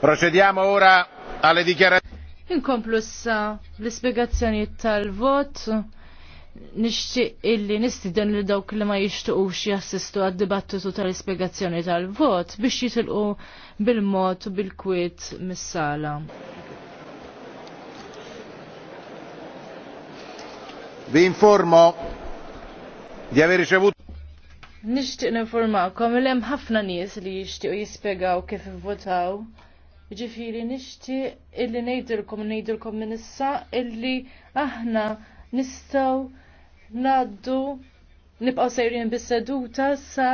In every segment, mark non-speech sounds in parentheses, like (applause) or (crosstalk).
Procediamo ora alle dichiarazioni. Inkomplu issa l-ispiegazzjoni tal-vot. Nixtieq illi nistieden li dawk li ma jixtiequx jassistu għad-dibattitu tal-ispiegazzjoni tal-vot biex jitilqu bil-mod u bil-kwiet mis-sala. Vi informo di aver ricevuto Nixtieq ninformakom li hemm ħafna nies li jixtiequ jispjegaw kif ivvotaw. Ġifiri nishti illi nejdilkom, nejdilkom minissa illi aħna nistaw naddu nibqaw sejrin bis-seduta sa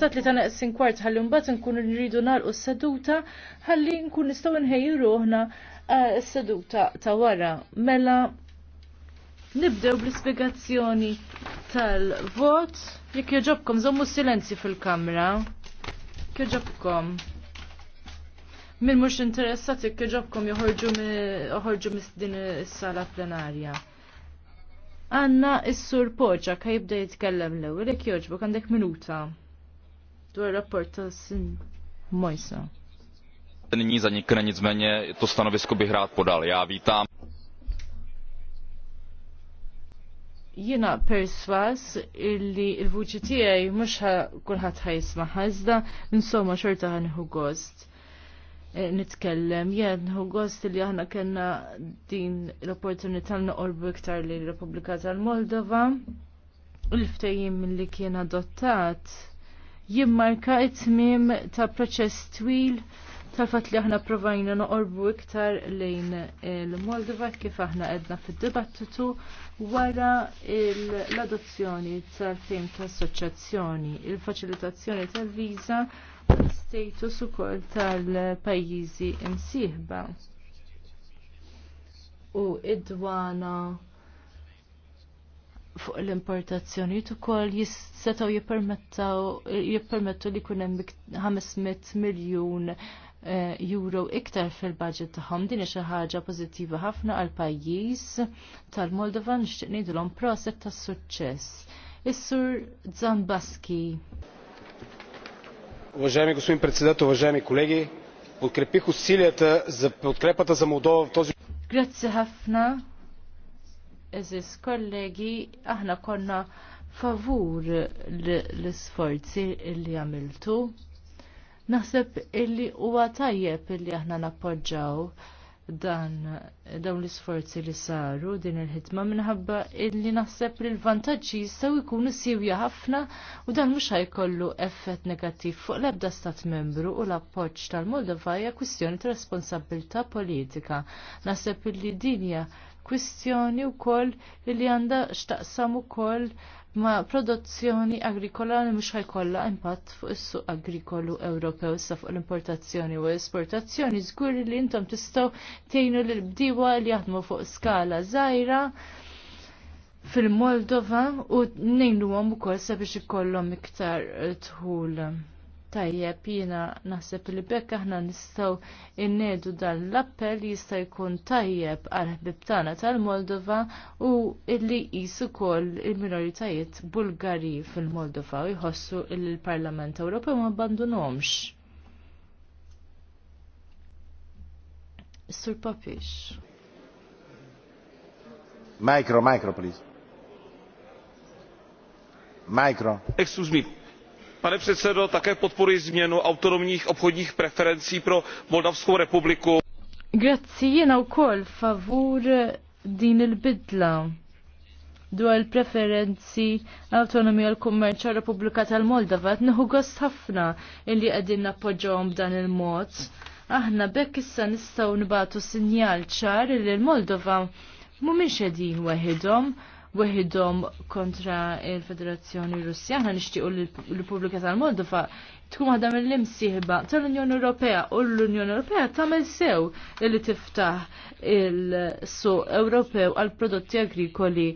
sa li naqsin kwart ħalli mbagħad nkun nridu nagħlqu s-seduta ħalli nkun nistgħu nħejju ruħna eh, s-seduta ta' wara. Mela nibdew bl-ispjegazzjoni tal-vot jekk joġobkom żommu silenzi fil-kamra kieġobkom. Min mux interessati kieġobkom joħorġu mis din is-sala plenarja. Għanna is-sur poċa kaj jibda jitkellem l ewwel joġbu joġbok għandek minuta. Dwar rapport ta' sin Mojsa. Nyní za nikre to stanovisku bych rád podal. Ja, vitam. jina perswas illi il-vuċi tijaj muxħa kullħat ħajisma ħazda, insomma xorta ħanħu gost. Eh, nitkellem, jen, hu gost li aħna kena din l-opportunità l-noqorbu iktar li l-Republika tal-Moldova. Il-ftejim li kien adottat jimmarka it-tmim ta' proċess twil tal-fat li aħna provajna noqorbu iktar lejn il-Moldova kif aħna edna fil-dibattitu wara l-adozzjoni tal-fejm tal assoċjazzjoni, il-facilitazzjoni tal-viza u l-status ukoll tal-pajjiżi imsieħba u id-dwana fuq l-importazzjoni ukoll jistgħu jippermettu li jkun hemm 500 miljun Eh, euro iktar fil-budget tagħhom din xi ħaġa pożittiva ħafna għal pajjiż tal-Moldova nixtieq ngħidulhom proset tas suċċess. Is-Sur Zambaski. Уважаеми господин председател, уважаеми колеги, подкрепих усилията за подкрепата за Молдова в този... Grazie ħafna, eżis kollegi, aħna konna favur l-sforzi li għamiltu Naħseb illi huwa tajjeb illi aħna nappoġġaw dan dawn l-isforzi li saru din il-ħidma minħabba illi naħseb li l-vantaġġi jistgħu jkunu siwja ħafna u dan mhux ħajkollu effett negattiv fuq l-ebda stat membru u l-appoġġ tal-Moldova hija kwistjoni ta' responsabilità politika. Naħseb illi dinja kwistjoni wkoll li għandha x'taqsam ukoll ma produzzjoni agrikola li mhux ħajkolla impatt fuq is-suq agrikolu Ewropew sa fuq l-importazzjoni u esportazzjoni żgur li intom tistgħu tgħinu l bdiwa li jaħdmu fuq skala żgħira fil-Moldova u nejnu għom u kol sabiex ikollom iktar tħul tajjeb jiena naħseb li bekk aħna nistgħu innedu dan l-appell jista' jkun tajjeb għal ħbib tagħna tal-Moldova u illi qis ukoll il-minoritajiet Bulgari fil-Moldova u jħossu l parlament Ewropew ma abbandunhomx. Sur Papix. Micro, micro, please. Micro. Excuse me pane předsedo také podporuji změnu autonomních obchodních preferencí pro moldavskou republiku. Grazzi jiena wkoll favur din il-bidla dwar il-preferenzi autonomi għal kummerċ Repubblika tal moldova qed nieħu gost ħafna illi qegħdin nappoġġawhom b'dan il-mod. Aħna bekk issa nistgħu nibatu sinjal ċar li l-Moldova mhumiex qegħdin weħidhom weħidhom kontra il-Federazzjoni Russja. nixtiequ l-Repubblika tal-Moldova tkun għadha mill imsiħba tal-Unjoni Ewropea u l-Unjoni Ewropea tagħmel sew li tiftaħ il-suq Ewropew għal prodotti agrikoli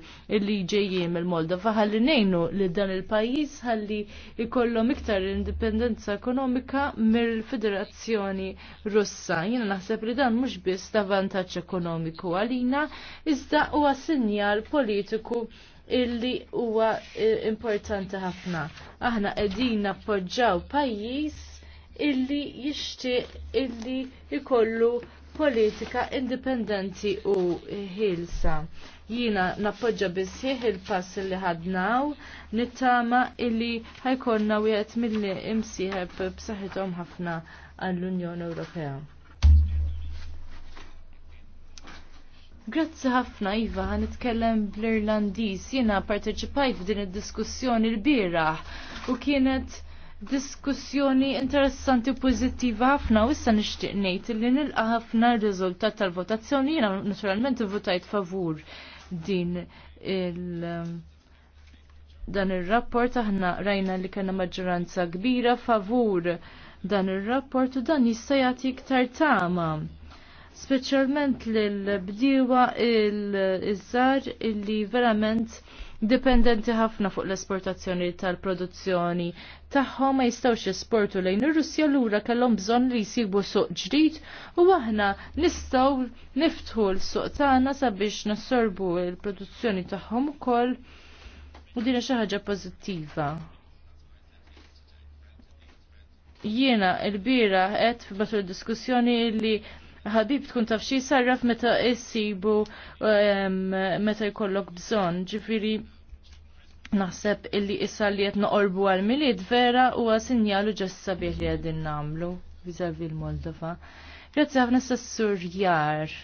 li ġejjin mill-Moldova ħalli ngħinu li dan il-pajjiż ħalli jkollhom iktar indipendenza ekonomika mill-Federazzjoni Russa. Jiena naħseb li dan mhux biss ta' vantaġġ ekonomiku għalina iżda huwa sinjal politiku illi huwa eh, importanti ħafna. Aħna qegħdin nappoġġaw pajjiż illi jixtieq illi jkollu politika indipendenti u ħilsa. Jina nappoġġa bisħieħ il-pass li ħadnaw nittama illi ħajkonna wieħed mill-imsieħeb b'saħħithom ħafna għall-Unjoni Ewropea. Grazzi ħafna Iva, nitkellem bl-Irlandiż. Jiena parteċipajt f'din id-diskussjoni l-bieraħ u kienet diskussjoni interessanti u pożittiva ħafna u issa nixtieq ngħid li nilqa' ħafna r-riżultat tal-votazzjoni jiena naturalment votajt favur din il- dan ir-rapport aħna rajna li kellna maġġoranza kbira favur dan ir-rapport u dan jista' jagħti iktar tama speċjalment lill-bdiewa il-żar illi verament dipendenti ħafna fuq l-esportazzjoni tal-produzzjoni tagħhom ma jistgħux jesportu lejn ir-Russja lura kellhom bżonn li jsibu suq ġdid u aħna nistgħu niftħu l-suq tagħna sabiex nassorbu l-produzzjoni tagħhom ukoll u din xi ħaġa pożittiva. Jiena l-bira qed f'batul diskussjoni li ħabib tkun taf xi sarraf meta issibu meta jkollok bżonn. Ġifiri, naħseb illi issa li qed noqorbu għal milid vera u għasinjalu ġessa sabiħ li qegħdin nagħmlu vizavi l-Moldova. Grazzi ħafna sassur jar.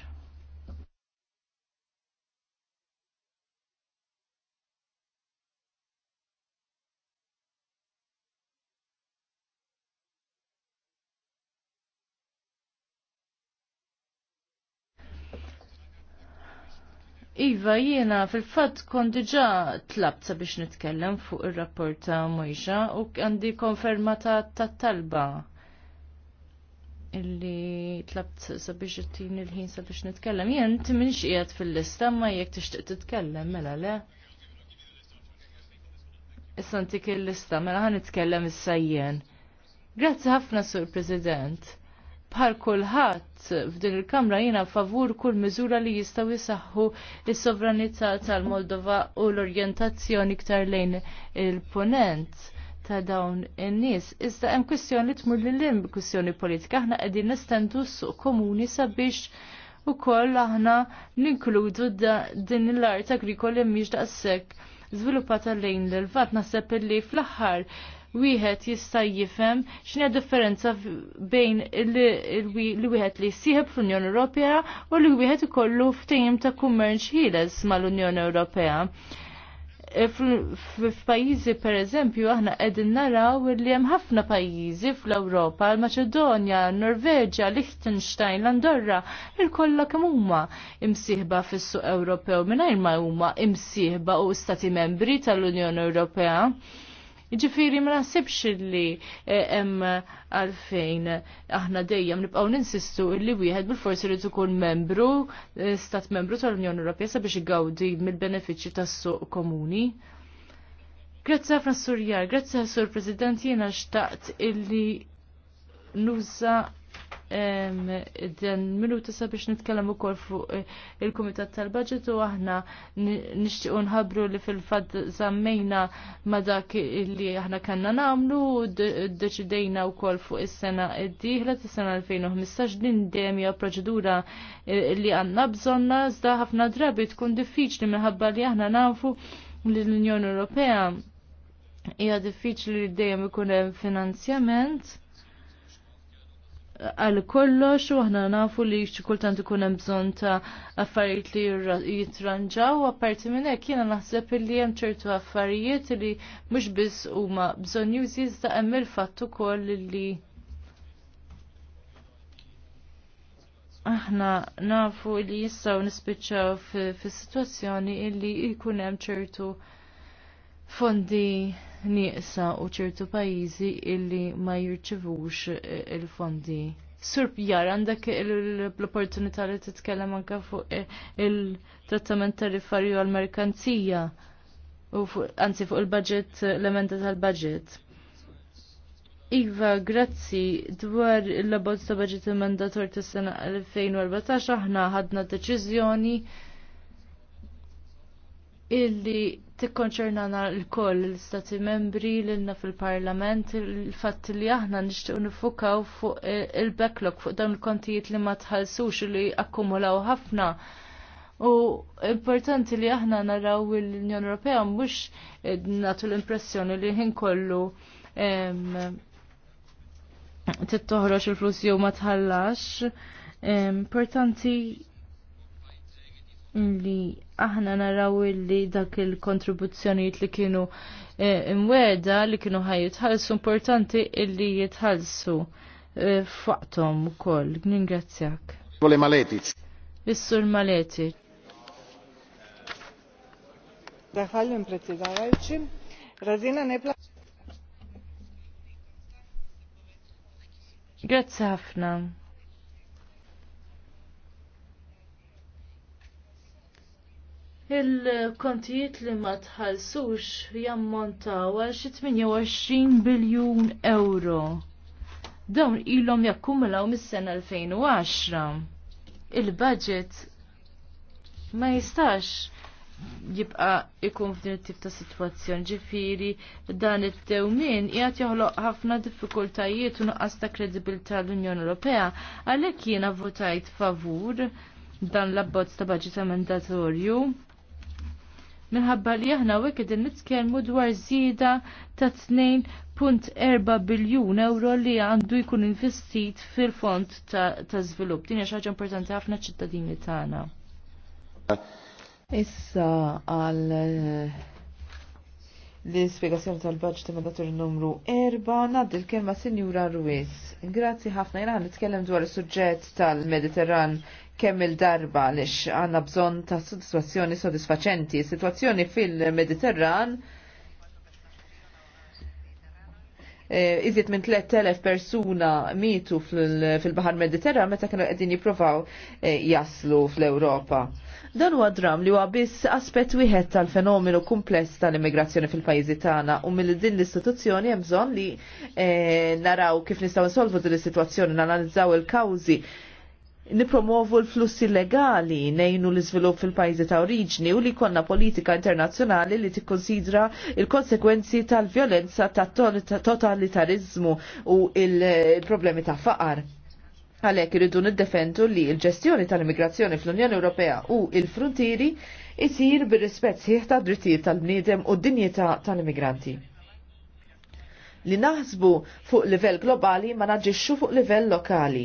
Iva, jiena fil-fat kont diġa tlabt sabiex nitkellem fuq ir-rapport ta' Mojxa u għandi konferma ta' talba illi tlabt sabiex it-tin il-ħin sabiex nitkellem. Jien inti minx qiegħed fil-lista ma jekk tixtieq titkellem mela le. Issa ntik il-lista mela ħan nitkellem issa jien. Grazzi ħafna sur President bħal kulħadd f'din il-Kamra jiena favur kull miżura li jistgħu jisaħħu is-sovranità tal-Moldova u l-orjentazzjoni iktar lejn il-ponent ta' dawn in-nies. Iżda hemm kwistjoni li tmur lil lin kwistjoni politika aħna qegħdin nistendu suq komuni sabiex ukoll aħna ninkludu din l-art agrikoli mhix daqshekk żviluppata lejn l-vat naħseb li fl-aħħar wieħed jista' jifhem x'inha differenza bejn li wieħed li jsieħeb fl-Unjoni Ewropea u li wieħed ikollu ftehim ta' kummerċ ħieles mal-Unjoni Ewropea. E, f'pajjiżi pereżempju aħna qegħdin naraw li hemm ħafna pajjiżi fl-Ewropa, l-Maċedonja, Norveġa, Liechtenstein, l-Andorra, il-kollha kemm huma imsieħba fis-suq Ewropew mingħajr ma huma imsieħba u stati membri tal-Unjoni Ewropea. Ġifiri ma naħsibx li eh, hemm għalfejn aħna dejjem nibqgħu ninsistu li wieħed bil-forsi li tkun membru eh, stat membru tal-Unjoni Ewropea sabiex igawdi mill-benefiċċji tas-suq komuni. Grazzi Frans Surjar, grazzi Sur President jiena xtaqt illi nuża dan minuta sabiex nitkellem ukoll fuq eh, il-Kumitat tal-Budget u aħna nixtiequ nħabru li fil fad żammejna ma dak li aħna kanna nagħmlu deċidejna wkoll fuq is-sena d-dieħla t sena 2015 din dejjem hija proċedura eh, li għandna bżonna iżda ħafna drabi tkun diffiċli minħabba li aħna nafu li l-Unjoni Ewropea hija diffiċli li dejjem ikun hemm finanzjament għal kollox u aħna nafu li kultant ikun hemm bżonn ta' affarijiet li jitranġaw u apparti minn hekk jiena naħseb li hemm ċertu affarijiet li mhux biss huma bżonn jużi iżda hemm il-fatt ukoll li aħna nafu li jistgħu nispiċċaw fi situazzjoni illi jkun hemm ċertu fondi nieqsa u ċertu pajjiżi illi ma jirċivux eh, il-fondi. Surp jar, għandek l-opportunità li titkellem anke fuq eh, il-trattament tariffarju għal-merkanzija u anzi fuq il-budget, l-emenda tal-budget. Iva, grazzi, dwar il-labot ta' budget emendator ta' sena 2014 aħna ħadna deċiżjoni illi tikkonċernana l-koll l istati membri l-inna fil-parlament il-fatt li aħna nishtiq nifukaw fuq il-backlog fuq dawn il-kontijiet li ma tħalsux li akkumulaw ħafna. U importanti li aħna naraw l-Unjon Ewropea mhux natu l-impressjoni li ħin kollu tittoħroġ il-flus jew ma tħallax. Importanti li aħna naraw li dak il-kontribuzzjonijiet li kienu eh, imweda li kienu ħaj importanti illi jitħallsu eh, faqtom u koll. Ningrazzjak. Vole Maletic. Vissur Maletic. Zahvaljujem predsjedavajući. Razina plaća. Grazie ħafna. Il-kontijiet li ma tħallsux jammontaw għal xi 28 biljun euro. Dawn ilhom jakkumulaw mis-sena 2010. Il-budget ma jistax jibqa ikun f'din it-tip ta' sitwazzjoni ġifiri dan it-tewmin jgħat joħloq ħafna diffikultajiet u nuqqas ta' kredibilità l-Unjoni Ewropea għalhekk jiena votajt favur dan l-abbozz ta' budget emendatorju minħabba li aħna wikid nitkellmu dwar żieda ta' 2.4 biljun euro li għandu jkun investit fil-fond ta' żvilupp. Din hija xi ħaġa importanti ħafna ċittadini tagħna. Issa għal eh, l-ispiegazzjoni tal-budget emendatur numru 4 naddi il kelma Sinjura Ruiz. Grazzi ħafna jena nitkellem dwar is-suġġett tal-Mediterran kemm il-darba lix għanna bżon ta' situazzjoni sodisfaċenti. Situazzjoni fil-Mediterran e, Iżiet minn 3000 persuna mitu fil-Bahar Mediterran meta kienu qegħdin jipprovaw e, jaslu fl-Ewropa. Dan huwa dram li huwa biss aspett wieħed tal-fenomenu kumpless tal-immigrazzjoni fil-pajjiżi tagħna u mill din l-istituzzjoni hemm bżonn li e, naraw kif nistgħu nsolvu din is-sitwazzjoni, nanalizzaw il-kawżi nipromovu l-flussi legali nejnu l-izvilup fil-pajzi ta' oriġni u li konna politika internazzjonali li tikkonsidra il-konsekwenzi tal-violenza ta' totalitarizmu u il-problemi ta' faqar. Għalek irridu niddefendu li l-ġestjoni tal-immigrazzjoni fl-Unjoni Ewropea u il-frontieri isir bir-rispett sieħ ta' drittijiet tal-bniedem u d-dinjità tal-immigranti li naħsbu fuq livell globali ma naġġixxu fuq livell lokali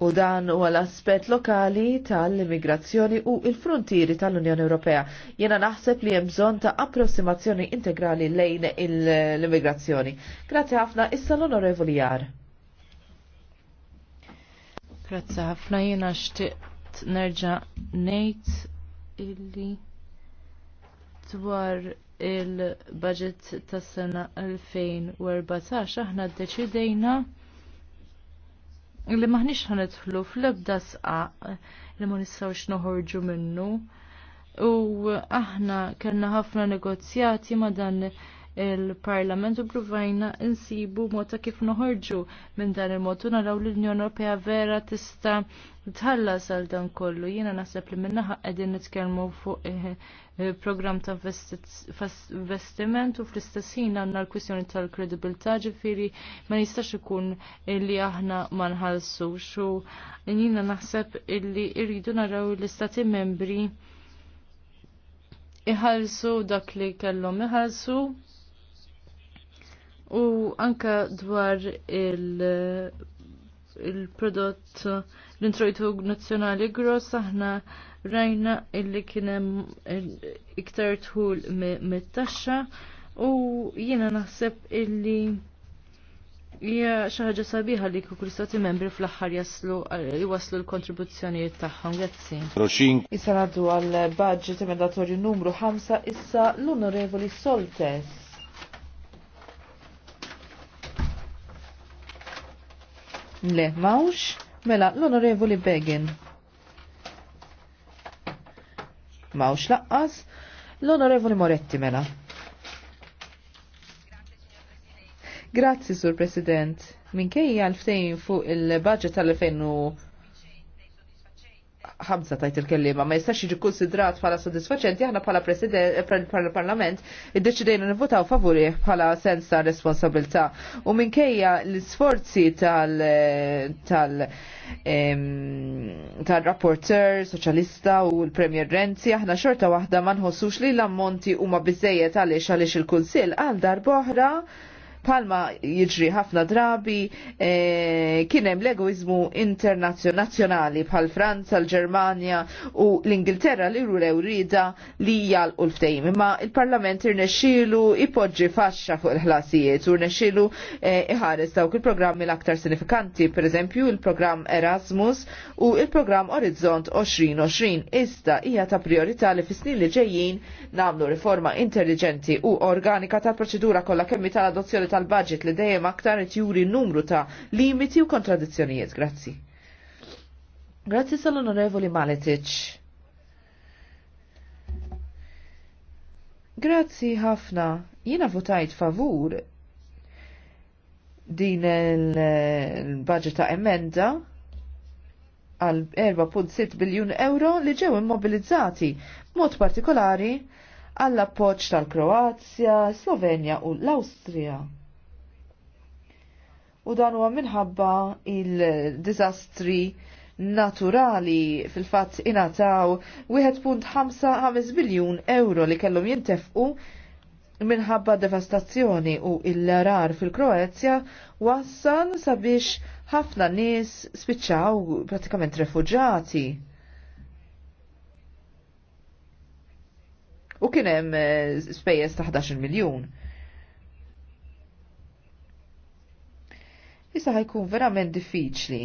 u dan huwa l-aspett lokali tal-immigrazzjoni u il-frontieri tal-Unjoni Ewropea. Jena naħseb li hemm bżonn ta' approssimazzjoni integrali lejn l-immigrazzjoni. Grazzi ħafna issa l-Onorevoli Jar. Grazzi ħafna jiena xtieq nerġa' ngħid illi dwar il-budget tas-sena 2014 aħna ddeċidejna li maħniex ħanetħlu fl-ebda sqa li ma nistgħux noħorġu minnu. U aħna kellna ħafna negozjati ma dan il-Parlament u provajna insibu mota kif noħorġu minn dan il motu naraw l-Unjoni Ewropea vera tista' tħallas għal dan kollu. Jiena naħseb li min-naħa qegħdin nitkellmu fuq eh, eh, program ta' investiment u fl-istess ħin għandna l-kwistjoni tal-kredibilità ġifieri ma jistax ikun li aħna ma nħallsu xu jiena naħseb illi rridu naraw l-istati membri iħallsu dak li kellhom iħallsu u anka dwar il-prodott il l-introjtu nazzjonali gross aħna rajna illi kienem iktar tħul mit-taxxa u jiena naħseb illi hija xi ħaġa sabiħa li kull stati membri fl-aħħar jaslu jwaslu l-kontribuzzjonijiet tagħhom. Grazzi. Issa ngħaddu għall budget emendatorju numru 5 issa l-Onorevoli Soltes. Le, mawx. Mela, l-onorevoli Begin. Mawx laqqas. L-onorevoli Moretti, mela. Grazzi, Sur President. Minkejja l-ftejn fuq il-budget tal-2020 ħamsa tajt il-kellima ma jistax jiġi konsidrat bħala soddisfaċenti aħna bħala parlament iddeċidejna nivvotaw favori bħala sens ta' responsabilta. U minkejja l-sforzi tal tal tal soċalista u l-Premier Renzi, aħna xorta waħda ma nħossux li l-ammonti huma biżejjed għaliex għaliex il-Kunsill għal dar oħra palma jiġri ħafna drabi e, kienem l-egoizmu internazzjonali bħal Franza, l-Germania u l-Ingilterra li rurew rida li jgħalqu l-ftejim. Imma il-Parlament irnexxielu ipoġġi faxxa fuq il-ħlasijiet u rnexxielu e, iħares dawk il-programmi l-aktar sinifikanti, per eżempju il-programm Erasmus u il-programm Orizzont 2020. ista hija ta' priorità li fis-snin li ġejjin nagħmlu riforma intelligenti u organika tal-proċedura kollha kemm tal-adozzjoni tal-budget li dejjem aktar qed juri numru ta' limiti u kontradizzjonijiet. Grazzi. Grazzi sal-Onorevoli Maletic. Grazzi ħafna. Jiena votajt favur din il-budget ta' emenda għal 4.6 biljun euro li ġew immobilizzati, mod partikolari għall appoġġ tal-Kroazja, Slovenja u l-Awstrija u dan huwa minħabba il-dizastri naturali fil-fatt inataw 1.5 biljun euro li kellhom jintefqu minħabba devastazzjoni u il-lerar fil-Kroazja wassal sabiex ħafna nies spiċċaw pratikament refuġati. U kienem spejjeż ta' 11 miljun. Issa ħajkun verament diffiċli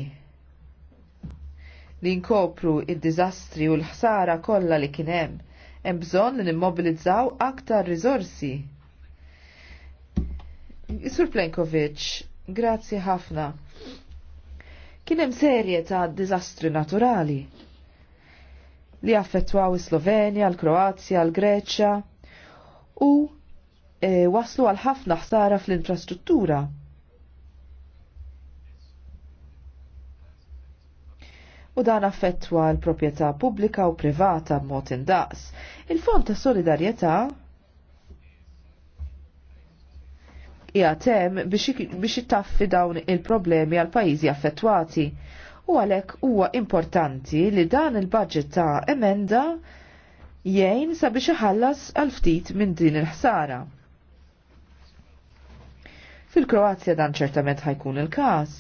li nkopru id-dizastri u l-ħsara kollha li kien hemm. Hemm bżonn li nimmobilizzaw aktar riżorsi. Isur Plenkovic, grazzi ħafna. Kien hemm serje ta' diżastri naturali li affettwaw is-Slovenja, l-Kroazja, l-Greċja u e, waslu għal ħafna ħsara fl-infrastruttura. u dan affettwa l-proprjetà pubblika u privata b'mod indaqs. Il-Fond ta' Solidarjetà tem biex jittaffi dawn il-problemi għal pajjiżi affettwati. U għalhekk huwa importanti li dan il-budget ta' emenda jgħin sabiex iħallas għal ftit minn din il-ħsara. Fil-Kroazja dan ċertament ħajkun il-każ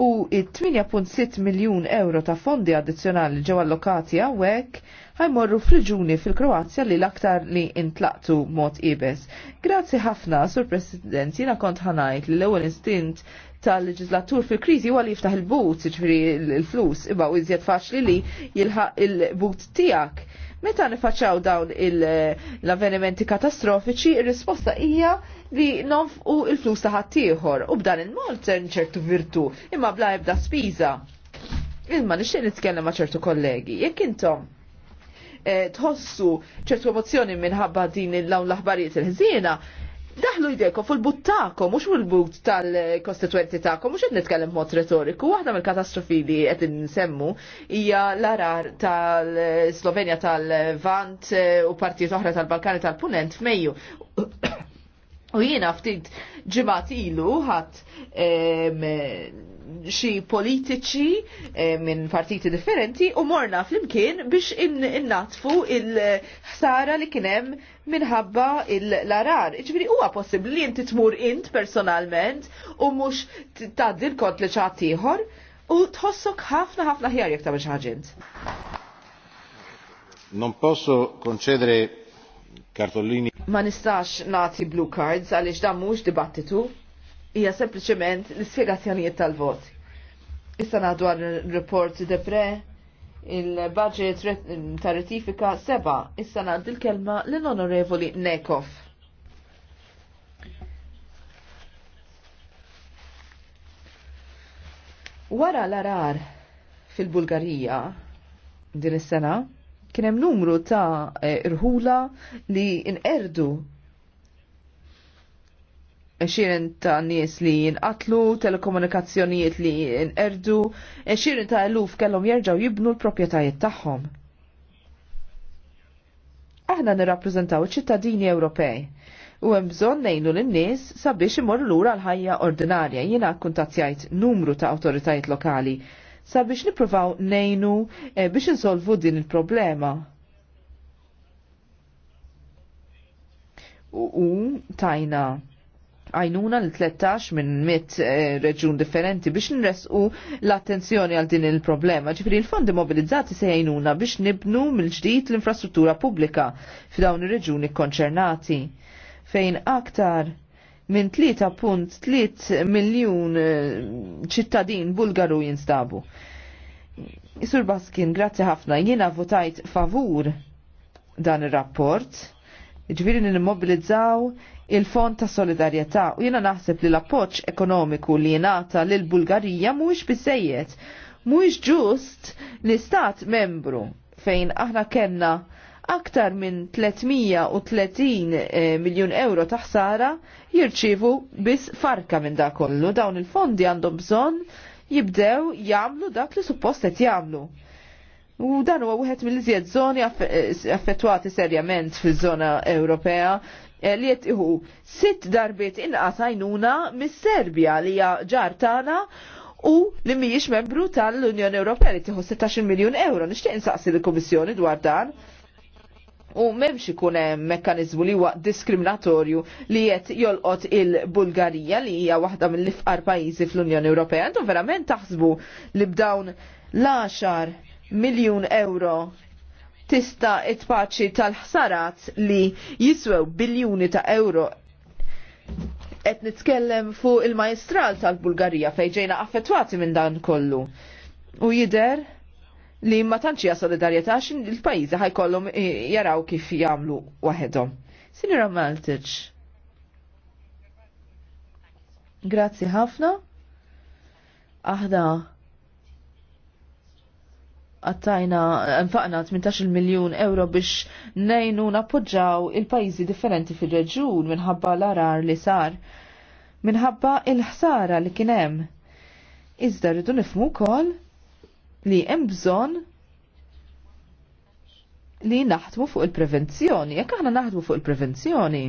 u 8.6 miljun euro ta' fondi addizzjonali ġew allokati għawek ħajmorru friġuni fil-Kroazja li l-aktar li intlaqtu mod ibes. Grazzi ħafna, Sur President, jina kont ħanajt li l-ewel instint tal-leġislatur fil-krizi għal jiftaħ il-but, ġifiri il-flus, iba' u iżjed faċli li jilħaq il-but tijak Meta nifaċaw dawn l-avvenimenti katastrofiċi, ir-risposta hija li nonfqu il-flus ta' ħaddieħor u b'dan il-mod ċertu virtu imma bla ebda spiża. Imma nixtieq nitkellem ma' ċertu kollegi. Jekk intom eh, tħossu ċertu emozjoni minħabba din l-awn l-aħbarijiet il-ħżiena, daħlu jdejkom fil-but mux fil-but tal-kostituenti ta'kom, mux nitkellem mod retoriku, waħda mill-katastrofi li qed nsemmu hija l-arar tal-Slovenja tal-Vant eh, u partijiet oħra tal-Balkani tal-Punent f'Mejju. U jiena ftit ġibat ilu ħadd xi politiċi minn partiti differenti u morna flimkien biex innatfu il-ħsara li kien hemm minħabba l-arar. Iġifieri huwa possibbli li inti tmur int personalment u mhux tgħaddi l-kont li ieħor, u tħossok ħafna ħafna ħjar jekk tagħmel xi Non posso concedere Kartolini. Ma nistax nati blue cards għaliex dan mhux dibattitu, hija sempliċement l-ispjegazzjonijiet tal-vot. Issa ngħidu għal report depre il-budget ta' retifika seba. Issa ngħaddi l-kelma l-onorevoli Nekov. Wara l-arar fil-Bulgarija din is-sena, Kien hemm numru ta' eh, irħula li inqerdu xirin ta' nies li jinqatlu, telekomunikazzjonijiet li jinqerdu, xirin ta' eluf kellhom jerġaw jibnu l-propietajiet tagħhom. Aħna nirrappreżentaw ċittadini Ewropej u hemm bżonn ngħinu lin-nies sabiex imorru lura l-ħajja ordinarja jiena kuntazzjajt numru ta' awtoritajiet lokali sabiex nipruvaw nejnu e, biex insolvu din il-problema. U, u tajna għajnuna l-13 minn mit eh, reġun differenti biex nresqu l-attenzjoni għal din il-problema. Ġifri il-fondi mobilizzati se għajnuna biex nibnu mill-ġdijt l-infrastruttura pubblika f'dawn ir-reġuni konċernati. Fejn aktar minn 3.3 miljun eh, ċittadin Bulgaru jinstabu. Sur Baskin, grazzi ħafna, jiena votajt favur dan ir-rapport, il-mobilizzaw il-Fond ta' Solidarjetà u jiena naħseb li l-appoġġ ekonomiku li jingħata l Bulgarija mhuwiex bisejiet, mux ġust li stat membru fejn aħna kenna aktar minn 330 eh, miljon euro ta' ħsara jirċivu biss farka minn dak kollu. Dawn il-fondi għandhom bżonn jibdew jagħmlu dak li suppost qed jagħmlu. U dan huwa wieħed mill-iżjed żoni eh, affettwati serjament fiż-żona Ewropea eh, li qed iħu sitt darbiet inqas għajnuna mis-Serbja li hija ġar tagħna u li mhijiex membru tal-Unjoni Ewropea li tieħu 16 miljun euro. Nixtieq insaqsi l-Kummissjoni dwar dan u memx ikun hemm mekkaniżmu li huwa diskriminatorju li qed jolqot il-Bulgarija li hija waħda mill-ifqar pajjiżi fl-Unjoni Ewropea. Intom verament taħsbu li b'dawn l-10 miljun euro tista' it tal-ħsarat li jiswew biljuni ta' euro qed nitkellem fuq il-majstral tal-Bulgarija fejn ġejna affettwati minn dan kollu. U jidher li ma tantx hija solidarjetà x'in il-pajjiżi ħajkollhom jaraw kif jagħmlu waħedhom. Sinjora Maltic. Grazzi ħafna. Aħna għattajna, nfaqna 18 miljon euro biex nejnu nappoġġaw il pajjiżi differenti fil-reġun minħabba l-arar li sar, minħabba il-ħsara li kienem. Iżda rridu nifmu kol li hemm bżonn li naħdmu fuq il-prevenzjoni, jekk aħna naħdmu fuq il-prevenzjoni.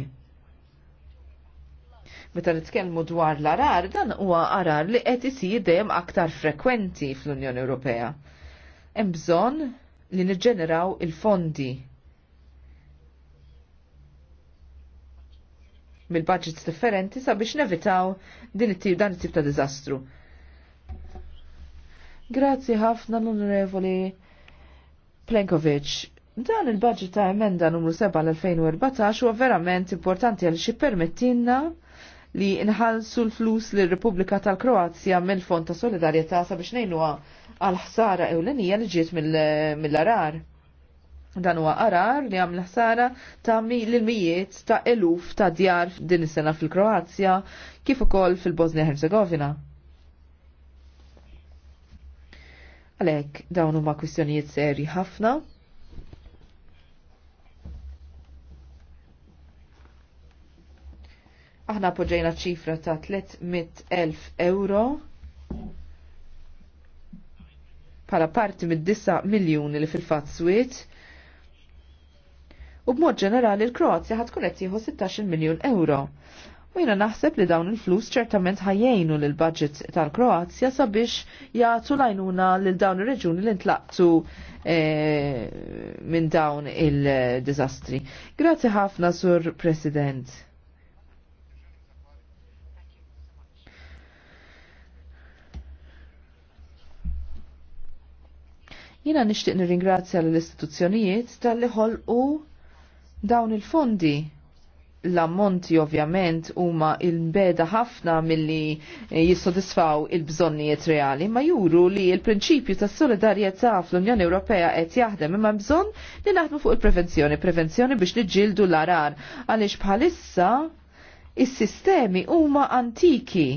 Meta nitkellmu dwar l-arar, dan huwa arar li qed isir dejjem aktar frekwenti fl-Unjoni Ewropea. Hemm bżonn li niġġeneraw il-fondi mill-budgets differenti sabiex nevitaw din it-tip dan it-tip ta' diżastru. Grazzi ħafna l-Onorevoli Plenkovic. Dan il-budget ta' emenda numru 7 l-2014 huwa verament importanti għal xi permettinna li nħallsu l-flus l repubblika tal-Kroazja mill-Fond ta' Solidarjetà sabiex ngħinuha għal ħsara ewlenija li ġiet mill-arar. Dan huwa arar li għamil ħsara ta' l-mijiet ta' eluf ta' djar din is-sena fil-Kroazja kif ukoll fil-Bosnia Herzegovina. Għalek, dawn huma kwistjonijiet seri ħafna. Aħna poġġejna ċifra ta' 300.000 euro pala parti mid-9 miljoni li fil-fatt swit. U b'mod ġenerali l-Kroazja ħatkun qed jieħu 16 miljun euro. U jina naħseb li dawn il-flus ċertament ħajjejnu l budget tal-Kroazja sabiex jgħatu lajnuna l dawn il-reġuni li ntlaqtu eh, minn dawn il-dizastri. Grazzi ħafna, Sur President. jina nishtiq nirringrazzja l-istituzzjonijiet tal liħol ħolqu dawn il-fondi l-ammonti ovvjament huma il-beda ħafna milli eh, jissodisfaw il-bżonnijiet reali, ma juru li il-prinċipju ta' solidarjetà fl-Unjoni Ewropea qed jaħdem imma bżonn li naħdmu fuq il-prevenzjoni, prevenzjoni biex niġġieldu l-arar għaliex bħalissa is-sistemi huma antiki.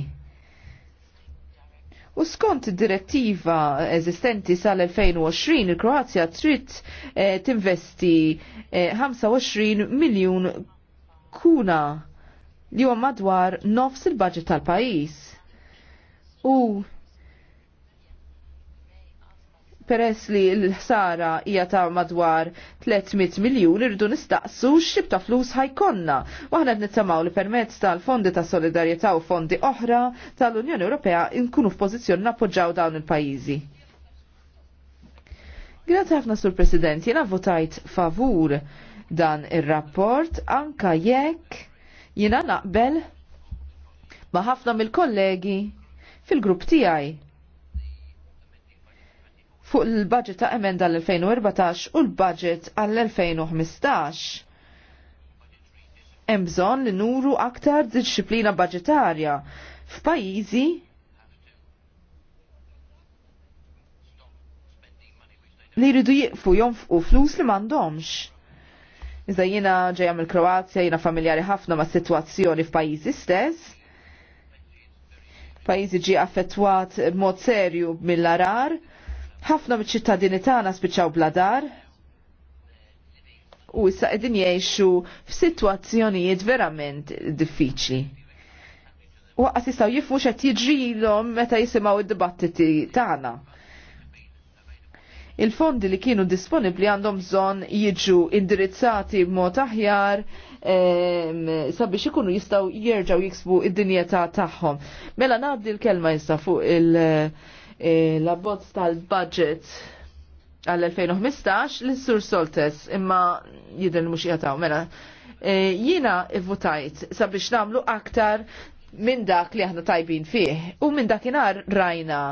U skont direttiva eżistenti sal-2020, il-Kroazja trid eh, tinvesti eh, 25 miljun kuna li huwa madwar nofs il-budget tal-pajis. U peress li l-ħsara hija ta' madwar 300 miljun irridu nistaqsu x'ib ta' flus ħajkonna. U aħna nittamaw li permezz tal-Fondi ta' Solidarjetà u fondi oħra tal-Unjoni Ewropea nkunu f'pożizzjoni nappoġġaw dawn il-pajjiżi. Grazie ħafna sur President, jiena votajt favur dan ir-rapport anka jekk jina naqbel ma' ħafna mill-kollegi fil-grupp tiegħi fuq il-budget ta' emenda l-2014 u l-budget għall-2015. Hemm bżonn li nuru aktar disċiplina budgetarja f'pajjiżi li jridu jiqfu jonfqu flus li m'għandhomx. Iżda jina ġejja mill-Kroazja, jiena familjari ħafna ma' situazzjoni f'pajjiżi stess. Pajjiżi ġie affettwat b'mod serju mill-arar. Ħafna miċ-ċittadini tagħna spiċċaw bladar. U issa qegħdin jgħixu f'sitwazzjonijiet verament diffiċli. Waqqas jistgħu jifmu x'qed jiġrihom meta jisimgħu id-dibattiti tagħna il-fondi li kienu disponibli għandhom bżonn jiġu indirizzati b'mod aħjar sabiex ikunu jistaw jerġgħu jiksbu id-dinjeta tagħhom. Mela ngħaddi l-kelma jista' fuq il-abbozz tal-budget għall-2015 l-Sur Soltes imma jidher mhux jataw. Mela e, jiena votajt sabiex nagħmlu aktar minn dak li aħna tajbin fih u minn dakinhar rajna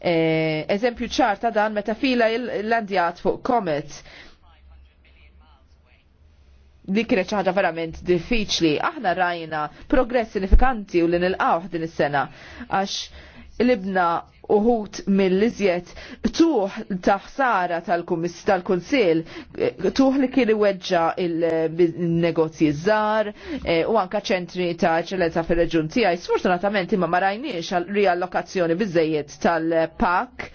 Eh, eżempju ċarta dan meta fila l-landjat fuq Comet li kienet xi ħaġa verament diffiċli. Aħna rajna progress sinifikanti u li nilqgħu din is-sena għax libna uħut mill-iżjed tuħ taħsara tal-Kunsil, tuħ li kien iweġġa il-negozji żgħar e, u anka ċentri ta' eċellenza fir-reġjun tiegħi. Sfortunatament imma ma rajniex riallokazzjoni biżejjed tal-PAK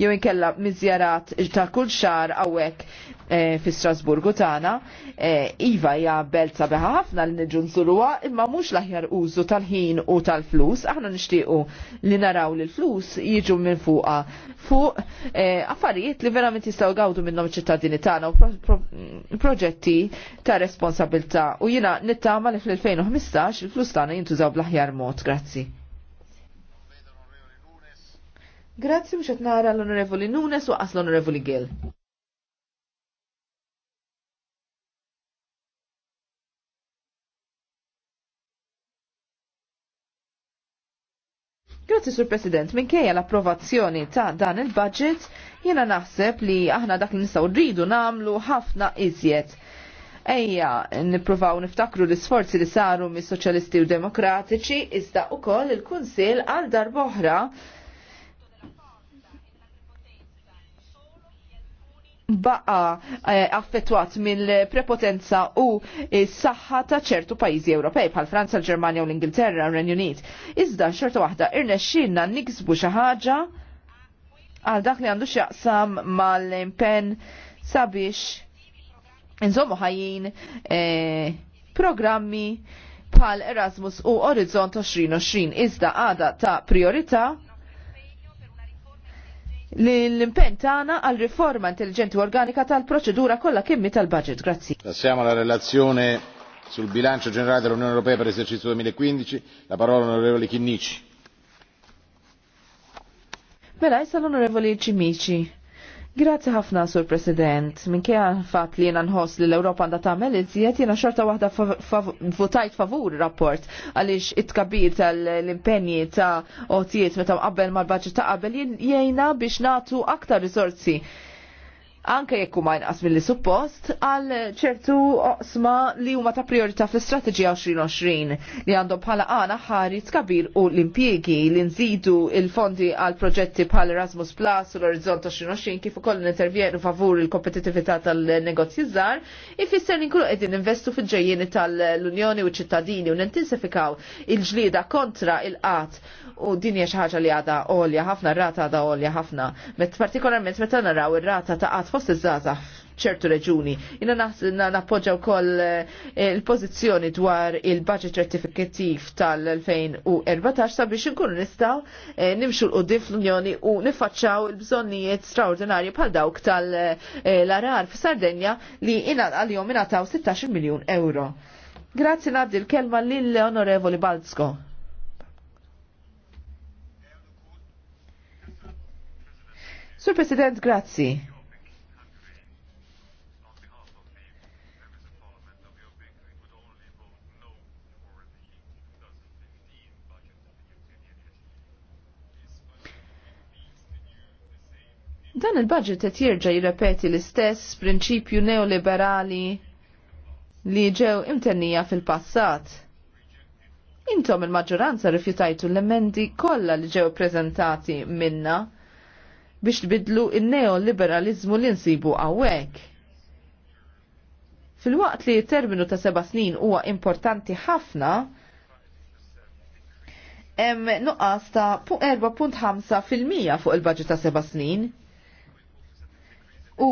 jew inkella miżjarat ta' kull xar hawnhekk Eh, fi Strasburgu tagħna, eh, Iva hija belt sabiħa ħafna li niġu nżuruha, imma mhux l-aħjar użu tal-ħin u tal-flus, aħna nixtiequ li naraw li l-flus jiġu minn fuqha fuq eh, affarijiet li verament jistgħu gawdu minnhom ċittadini tagħna u mm, proġetti ta' responsabilità u jiena nittama li fl-2015 il-flus tagħna jintużaw bl-aħjar mod. Grazzi. Grazzi mux nara l-Onorevoli Nunes u qas l-Onorevoli Gill. Grazzi Sur President, minkejja l-approvazzjoni ta' dan il-budget, jena naħseb li aħna dak li nistaw rridu namlu ħafna iżjed. Ejja, niprofaw niftakru l-isforzi li saru mis soċjalisti u demokratiċi, iżda u koll il-Kunsil għal darboħra baqa eh, affettwat mill-prepotenza u s-saħħa ta' ċertu pajjiżi Ewropej bħal Franza, l-Ġermanja u l-Ingilterra u renju Unit. Iżda xorta waħda irnexxinna niksbu xi ħaġa għal dak li għandu x'jaqsam mal-impenn sabiex inżommu ħajjin eh, programmi bħal Erasmus u Orizzont 2020 iżda għada ta' priorita' l-impen tana għal riforma intelligenti organika tal-proċedura kolla kimmi tal-budget. Grazie. Passiamo alla relazione sul bilancio generale dell'Unione Europea per l'esercizio 2015. La parola onorevole Chinnici. Mela, issa l-onorevole Cimici. Grazzi ħafna, Sur President. Minkejja fatt li jena nħoss li l-Ewropa għandha tagħmel iżjed jiena xorta waħda votajt favur rapport għaliex it-kabir tal-impenji ta' otijiet meta qabel mal-baġġet ta' qabel jgħinna biex nagħtu aktar risorsi anke jekk huma inqas milli suppost għal ċertu oqsma li huma ta' priorità fl-istrateġija 2020 li għandhom bħala għana ħari tkabir u l-impjiegi li nżidu il-fondi għal proġetti bħal Erasmus Plus u l-Orizzont 2020 kif ukoll nintervjenu favur il-kompetitività tal-negozji żgħar, ifisser li nkunu qegħdin investu fil-ġejjieni tal-Unjoni u ċittadini u nintensifikaw il-ġlieda kontra il-qatt u din hija xi ħaġa li għadha għolja ħafna, rata għadha għolja ħafna. Met partikolarment meta naraw ir-rata ta' qatt fost iż-żgħażagħ ċertu reġuni. Jina nappoġġa wkoll eh, il-pożizzjoni dwar il-budget certifikattiv tal-2014 sabiex inkunu nistgħu eh, nimxu l-qudiem fl-Unjoni u nifaċċaw il-bżonnijiet straordinarji bħal dawk tal-arar eh, f'Sardenja li għal-jom ingħataw 16 miljun euro. Grazzi naddi l-kelma lill-Onorevoli Balzko. Sur President, grazzi. Dan il-budget qed jirġa' jirrepeti l-istess prinċipju neoliberali li ġew imtennija fil-passat. Intom il-maġġoranza rifjutajtu l-emendi kollha li ġew preżentati minna biex tbidlu il-neoliberalizmu li nsibu għawek. Fil-waqt li terminu ta' seba snin huwa importanti ħafna, hemm nuqqas ta' 4.5% fuq il-budget ta' seba snin. U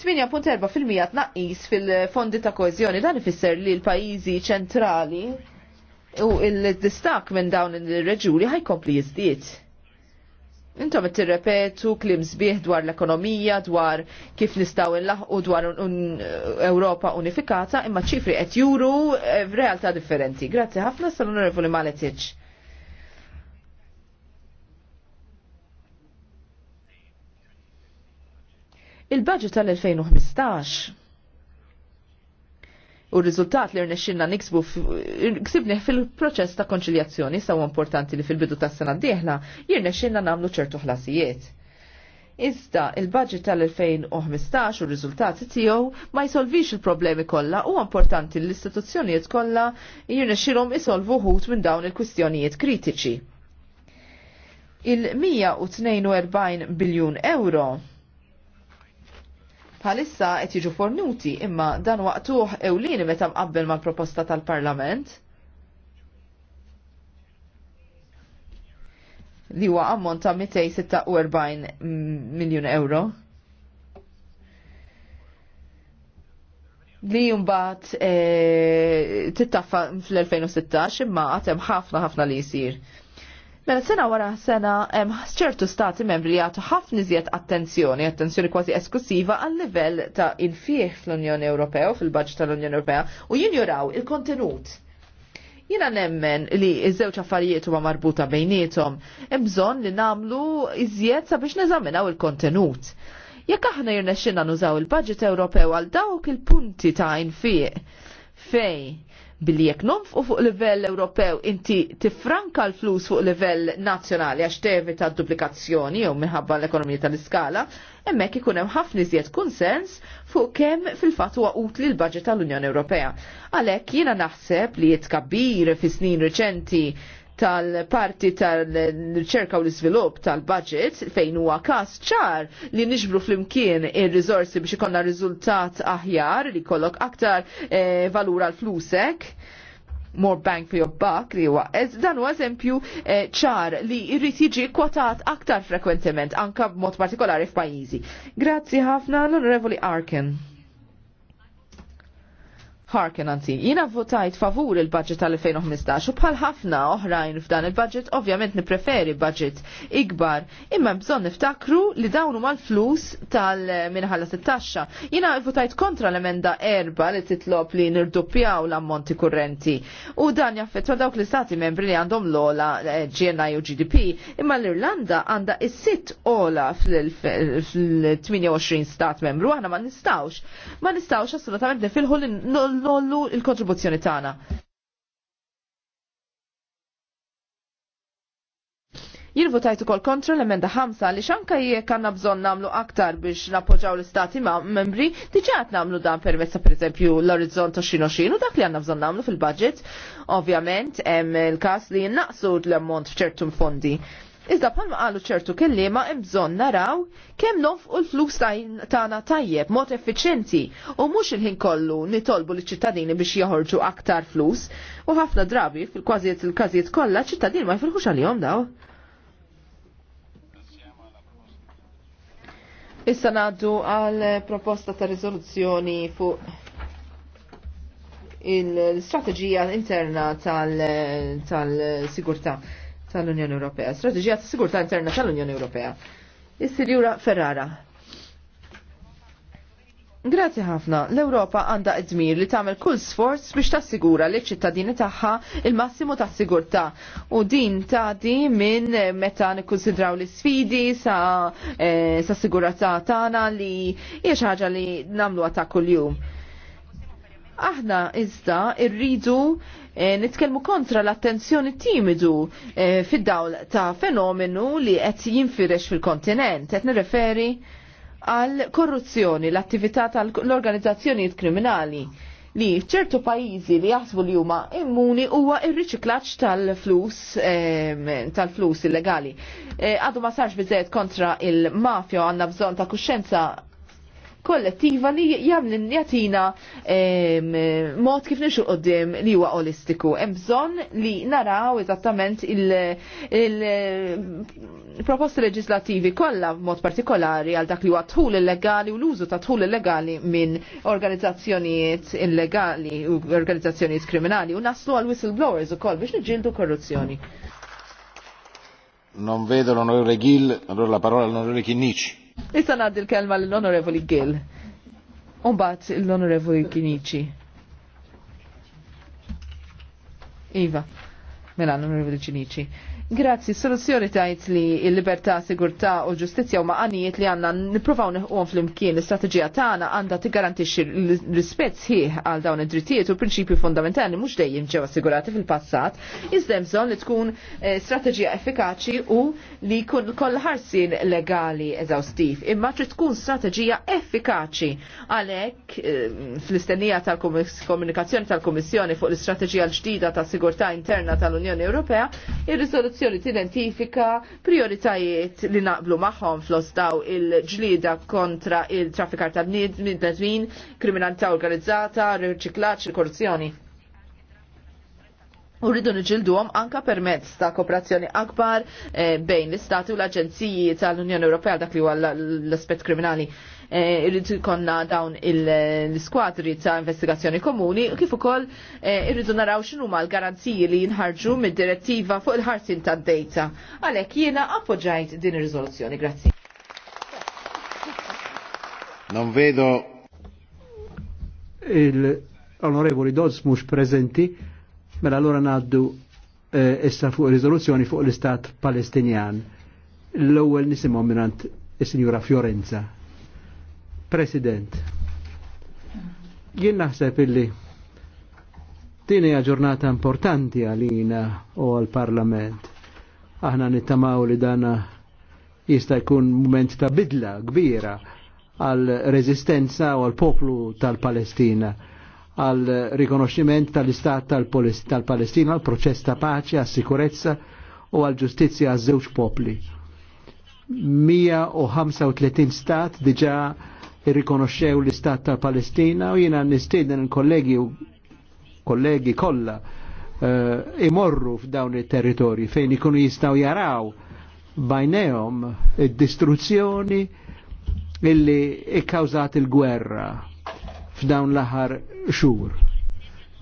8.4% tnaqqis fil-fondi ta' koezjoni dan ifisser li l-pajjiżi ċentrali u l-distak minn dawn il-reġuri ħajkompli jiżdied Intom qed tirrepetu klim sbieħ dwar l-ekonomija, dwar kif nistgħu u dwar un Ewropa unifikata, imma ċifri qed juru eh, f'realtà differenti. Grazzi ħafna sal-Onorevoli Maletic. Il-budget tal-2015 u r-riżultat li rnexxinna niksbu ksibni fil-proċess ta' konċiljazzjoni sawa importanti li fil-bidu tas sena d-dieħla jirnexxinna namlu ċertu ħlasijiet. Iżda il-budget tal-2015 u r-riżultati tiegħu ma jsolvix il-problemi kollha u importanti l-istituzzjonijiet kollha jirnexxilhom isolvu wħud minn dawn il-kwistjonijiet kritiċi. Il-142 biljun euro bħalissa qed jiġu fornuti imma dan waqtuh ewlieni meta mqabbel mal-proposta tal-Parlament. li huwa ammont ta' 246 miljun euro. li jumbat e, eh, tittaffa fl-2016 imma għatem ħafna ħafna li jisir. Mela sena wara sena hemm ċertu stati membri jagħtu ħafna iżjed attenzjoni, attenzjoni kważi esklusiva għal livell ta' infieħ fl-Unjoni Ewropea fil-Baġġ tal-Unjoni Ewropea u jinjuraw il-kontenut. Jina nemmen li iż-żewġ affarijiet huma marbuta bejniethom, hemm bżonn li nagħmlu iżjed sabiex neżaminaw il-kontenut. Jekk aħna jirnexxinna nużaw il-Baġġet Ewropew għal dawk il-punti ta' infieq fej billi jekk nonfqu fuq livell Ewropew inti tifranka l-flus fuq livell nazzjonali għax tevita duplikazzjoni jew minħabba l-ekonomija tal-iskala, hemmhekk ikun hemm ħafna iżjed kunsens fuq kemm fil-fatt huwa utli l-baġġet tal-Unjoni Ewropea. Għalhekk jiena naħseb li jitkabbir fi snin reċenti tal-parti tal-riċerka u l-izvilup tal-budget fejn huwa kas ċar li niġbru flimkien ir rizorsi biex ikonna riżultat aħjar li kollok aktar e, valur għal flusek more bang for your buck li huwa dan huwa eżempju eh, ċar li jrid jiġi kwotat aktar frekwentement anka b'mod partikolari f'pajjiżi. Grazzi ħafna l-Onorevoli Arken. Harkin anzi, jina votajt favur il-budget tal-2015 u bħal ħafna oħrajn f'dan il-budget, ovvjament nipreferi budget ikbar, imma bżon niftakru li dawnu mal-flus tal-minħalla t-taxxa. Jina votajt kontra l-emenda erba li titlob li nirdoppjaw l-ammonti kurrenti u dan jaffetwa dawk l-istati membri li għandhom l-ola eh, GNI u GDP, imma l-Irlanda għanda is-sitt ola fl-28 stat membru, aħna ma nistawx, ma nistawx assolutament nifilħu l nollu il-kontribuzzjoni tagħna. Jirvotajt ukoll kontra l-emenda 5 li xanka jekk għandna bżonn nagħmlu aktar biex nappoġġaw l-istati ma' membri diġà qed nagħmlu dan permezz ta' pereżempju l-orizzont 2020 u dak li għandna bżonn nagħmlu fil-budget. Ovvjament hemm il-każ li jinnaqsu l-ammont f'ċertum fondi. Iżda bħalma qalu ċertu kellima hemm bżonn naraw kemm nofqu l-flus tagħna tajjeb mod effiċjenti u mhux il-ħin kollu nitolbu liċ-ċittadini biex joħorġu aktar flus u ħafna drabi fil-kważiet il-każijiet kollha ċittadin ma jfirħux għalihom daw. Issa ngħaddu għal proposta ta' riżoluzzjoni fuq il-strategija interna tal-sigurtà. Tal tal-Unjoni Ewropea, strategija ta' sigurtà interna tal-Unjoni Ewropea. Is-Sinjura Ferrara. Grazzi ħafna, l-Ewropa għandha dmir li tagħmel kull sforz biex tassigura li ċittadini tagħha il-massimu ta' sigurtà u din tagħti minn eh, meta nikkunsidraw l-isfidi sa, e, sa sigurtà tagħna li hija xi ħaġa li nagħmluha ta' kuljum Aħna iżda irridu e, nitkellmu kontra l-attenzjoni timidu e, fid-dawl ta' fenomenu li qed jinfirex fil-kontinent, qed nirreferi għal korruzzjoni, l-attività tal-organizzazzjonijiet kriminali li ċertu pajizi li jaħsbu li huma immuni huwa ir-riċiklaġġ tal-flus ehm, tal-flus illegali. Eh, għadu ma sarx biżejjed kontra il-mafja għandna bżonn ta' kuxenza kollettiva li jamlin n-njatina mod kif nixu qoddim li huwa olistiku. Hemm bżonn li naraw eżattament il-proposti leġislativi kollha b'mod partikolari għal dak li huwa tħul illegali u l-użu ta' tħul illegali minn organizzazzjonijiet illegali u organizzazzjonijiet kriminali u naslu għal whistleblowers ukoll biex niġildu korruzzjoni. Non vedo l'onorevole Gil, allora la parola all'onorevole Chinnici. Issa naddi l-kelma l-Onorevoli Gil. Umbat l-Onorevoli Kinici. Iva, mela l-Onorevoli Kinici. Grazzi, soluzzjoni tajt li l-libertà, sigurtà u ġustizzja huma għanijiet li għandna nippruvaw fl flimkien l-istrateġija tagħna għandha tiggarantixxi l-rispett sħiħ għal dawn id-drittijiet u prinċipju fundamentali mhux dejjem ġew assigurati fil-passat, iżda zon bżonn li tkun eh, strateġija effikaċi u li kun kollha ħarsien legali stif. imma trid tkun strateġija effikaċi għalhekk eh, fl-istennija tal-komunikazzjoni tal-Kummissjoni fuq l-istrateġija l-ġdida tal sigurtà interna tal-Unjoni Ewropea, ir-riżoluzzjoni il t-identifika prioritajiet li naqblu magħhom flostaw il-ġlida kontra il-traffikar ta' bnid, bnedmin, kriminalità organizzata, riċiklaċ, korruzzjoni U nġildu għom anka permezz ta' kooperazzjoni akbar eh, bejn l-Istati u l-Aġenziji tal-Unjoni Ewropea dak li huwa l-aspett kriminali. Eh, irridu konna dawn il-skwadri ta' investigazzjoni komuni kif ukoll eh, irridu naraw x'inhuma l-garanziji li jinħarġu mid-direttiva fuq il-ħarsin tad-data. Għalhekk jiena appoġġajt din ir-riżoluzzjoni. Grazzi. Non vedo il-onorevoli Dodds mhux prezenti, mela allura ngħaddu eh, issa fuq riżoluzzjoni fuq l-istat palestinjan. L-ewwel nisimhom minant is-Sinjura Fjorenza. Fiorenza. President, jien naħseb illi din hija ġurnata importanti għalina u għal-Parlament. Aħna nittamaw li dana jista' jkun moment ta' bidla kbira għal reżistenza u għal poplu tal-Palestina għal rikonoxximent tal-istat tal-Palestina, għal proċess ta' paċi, għal sikurezza u għal ġustizja għal żewġ popli. 135 stat diġa irrikonoxxew l-istat tal Palestina u jiena nistieden il-kollegi u kollegi kollha uh, imorru f'dawn it-territorji fejn ikunu jistgħu jaraw bajnejhom id-distruzzjoni illi ikkawżat il-gwerra f'dawn l-aħħar xhur.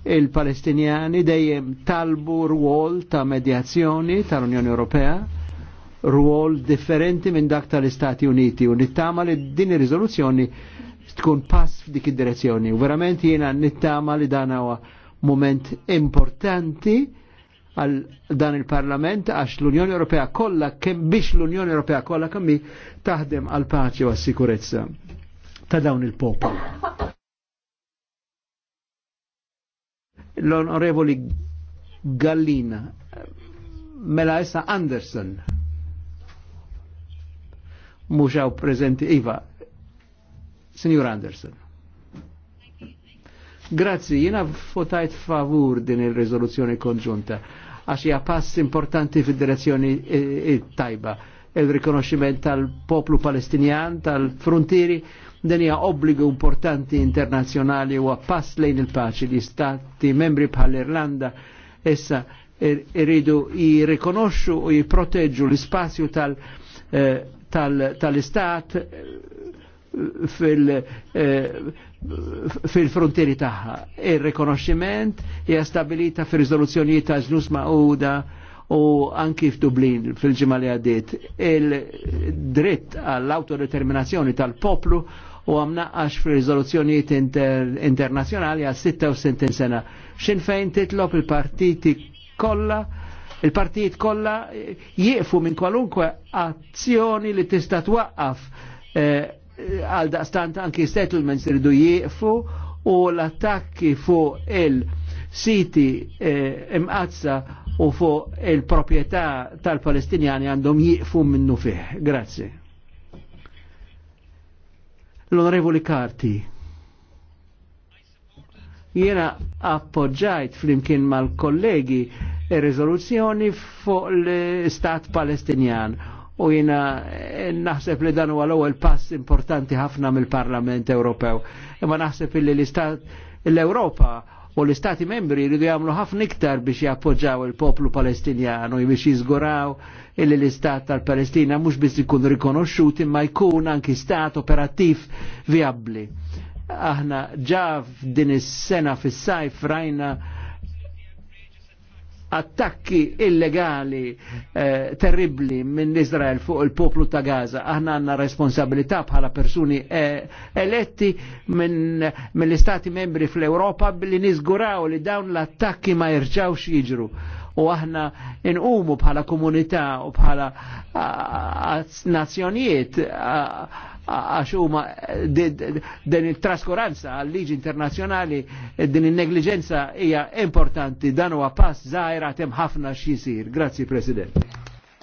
Il-Palestinjani dejjem talbu rwol ta' medjazzjoni tal-Unjoni Ewropea ruol differenti minn dak tal-Istati Uniti u nittama li din ir-riżoluzzjoni tkun pass f'dik id-direzzjoni. U verament jiena nittama li dan huwa moment importanti għal dan il-Parlament għax l-Unjoni Ewropea kollha kemm biex l-Unjoni Ewropea kollha kemm taħdem għal paċi u għas-sikurezza ta' dawn il-popol. L-Onorevoli Gallina, mela issa Anderson mhux prezenti iva. Signor Anderson. Grazzi, jina fotajt favur din il rezoluzjoni konġunta għax hija pass importanti fid-direzzjoni e, e, tajba il-rikonoxximent tal-poplu palestinjan, tal-frontieri, din hija obbligu importanti internazzjonali u pass lejn il-paċi li stati membri bħal irlanda essa irridu jirrikonoxxu u jipproteġġu l-ispazju tal- eh, tal-istat eh, eh, fil-frontieri tagħha. ir rekonoxximent hija stabilita fir-riżoluzzjonijiet ta' ġnus ma'uda u anki f'Dublin fil ġimali li għaddiet. Il-dritt għall-autodeterminazzjoni tal-poplu u għamnaqqax għax rizoluzzjonijiet inter internazjonali għal 66 sena. Xin fejn titlob il-partiti kolla Il-partijiet kollha jieqfu minn kwalunkwe azzjoni li tista' twaqqaf eh, għal daqstant anki settlements irridu jieqfu u l-attakki fuq il-siti eh, imqazza u fuq il-propieta tal-Palestinjani għandhom jieqfu minnu fih. Grazie. L-Onorevoli Karti jiena appoġġajt flimkien mal-kollegi il-rezoluzzjoni fuq l-istat palestinjan u jina naħseb li dan huwa l-ewwel pass importanti ħafna mill-Parlament Ewropew. Imma naħseb li l-istat l-Ewropa u l-istati membri jridu jagħmlu ħafna iktar biex jappoġġaw il-poplu Palestinjan u biex jiżguraw illi l-istat tal-Palestina mhux biss ikun rikonoxxut imma jkun anki stat operattiv viabbli. Aħna ġa din is-sena fis-sajf rajna attakki illegali eh, terribli minn Izrael fuq il-poplu ta' Gaza. Aħna għanna responsabilità bħala persuni eh, eletti minn min istati membri fl-Europa billi nizguraw li dawn l-attakki ma jirġawx jiġru. U aħna inqumu bħala komunità u bħala nazzjonijiet għax huma din it-traskuranza għal liġi internazzjonali din in-negliġenza hija importanti dan huwa pass żgħir għatem ħafna x'jisir. Grazzi President.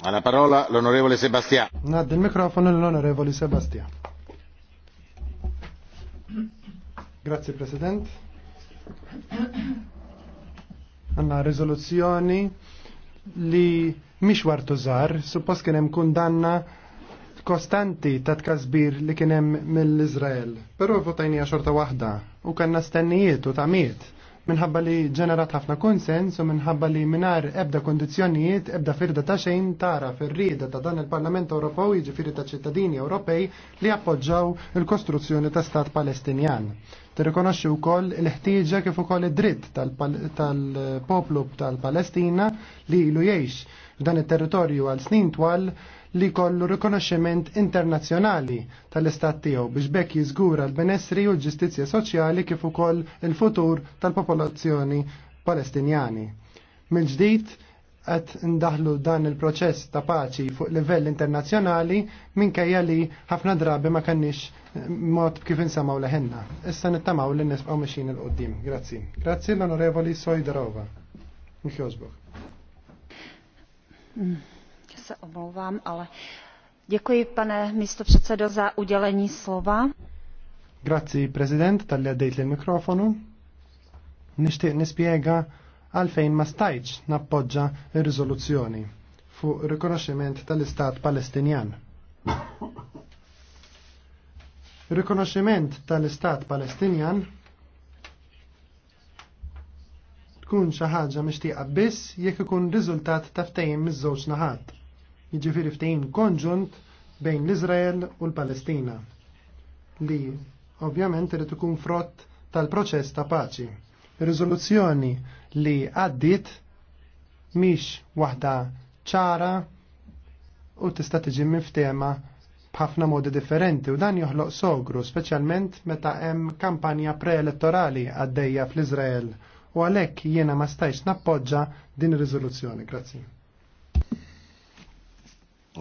Għala parola l-Onorevole Sebastian. Nad il mikrofon l-Onorevole Sebastian. Grazzi President. Għanna riżoluzzjoni li mhix wartu żgħar, suppost kien hemm kundanna kostanti ta' tkazbir li kien hemm mill-Izrael. Però votajni xorta waħda u kanna stennijiet u tamiet minħabba li ġenerat ħafna konsens u minħabba li minar ebda kondizjonijiet, ebda firda ta' xejn tara fir-rieda ta' dan il-Parlament Ewropew jiġifieri ta' ċittadini Ewropej li appoġġaw il-kostruzzjoni ta' stat Palestinjan. Tirrikonoxxi wkoll il-ħtieġa kif ukoll id-dritt tal-poplu tal-Palestina li ilu jgħix f'dan it-territorju għal snin twal li kollu rikonoxximent internazzjonali tal-istat tiegħu biex bekk jiżgura l-benessri u l-ġustizzja soċjali kif ukoll il-futur tal-popolazzjoni palestinjani. Mill-ġdid qed ndaħlu dan il-proċess ta' paċi fuq livell internazzjonali minkejja li ħafna drabi ma kenniex eh, mod kif insamaw leħenna. Issa nittamaw li nisbqgħu mixin il-qoddim. Grazzi. Grazzi l-Onorevoli Sojderova. Mhux Mm se omlouvám, ale děkuji, pane za udělení slova. Grazzi, President, tal-li għaddejt l-mikrofonu. Nishtiq nispiega għalfejn ma stajċ nappoġġa ir-riżoluzzjoni fuq rikonoxximent tal-Istat Palestinjan. Rikonoxximent tal-Istat Palestinjan tkun xaħġa ħaġa biss jekk ikun riżultat ta' ftehim miż-żewġ naħat jiġifieri ftehim konġunt bejn l-Iżrael u l-Palestina li ovvjament irid ikun frott tal-proċess ta' paċi. riżoluzzjoni li għaddiet mhix waħda ċara u tista' tiġi miftema b'ħafna modi differenti u dan joħloq sogru, speċjalment meta hemm kampanja preelettorali għaddejja fl-Iżrael u għalhekk jiena ma stajx nappoġġa din ir-riżoluzzjoni. Grazzi.